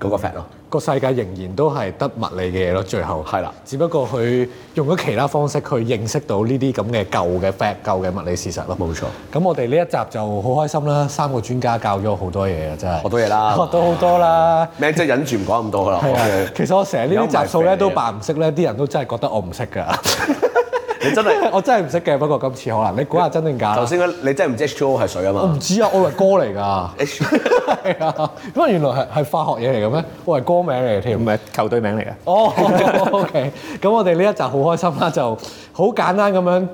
Speaker 2: 嗰個 fact 咯，
Speaker 1: 個世界仍然都係得物理嘅嘢咯，最後係啦。只不過佢用咗其他方式去認識到呢啲咁嘅舊嘅 fact，舊嘅物
Speaker 2: 理事實咯，冇錯。
Speaker 1: 咁我哋呢一集就好開心啦，三個專家教咗我好多嘢呀真係。學
Speaker 2: 到嘢啦，學到好多啦。咩啫？忍住唔講咁多啦。係啊，其實
Speaker 1: 我成日呢啲集數咧都扮唔識咧，啲人都真係覺得我唔識㗎。你真係， 我真係唔識嘅。不過今次可能你估下真定假？頭先你真係唔知 H2O 係水啊嘛？我唔知啊，我係歌嚟㗎。 係啊，咁啊原來係係化學嘢嚟嘅咩？我係歌名嚟添。唔係球隊名嚟嘅。哦，OK。咁我哋呢一集好開心啦，就好簡單咁樣。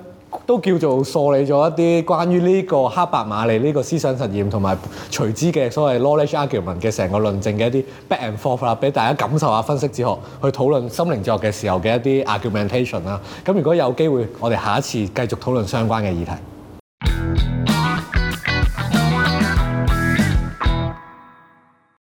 Speaker 1: 都叫做梳理咗一啲關於呢個黑白瑪莉呢個思想實驗同埋隨之嘅所謂 knowledge argument 嘅成個論證嘅一啲 back and forth 啦，俾大家感受下分析哲學去討論心靈哲學嘅時候嘅一啲 argumentation 啦。咁如果有機會，我哋下一次繼續討論相關嘅議題。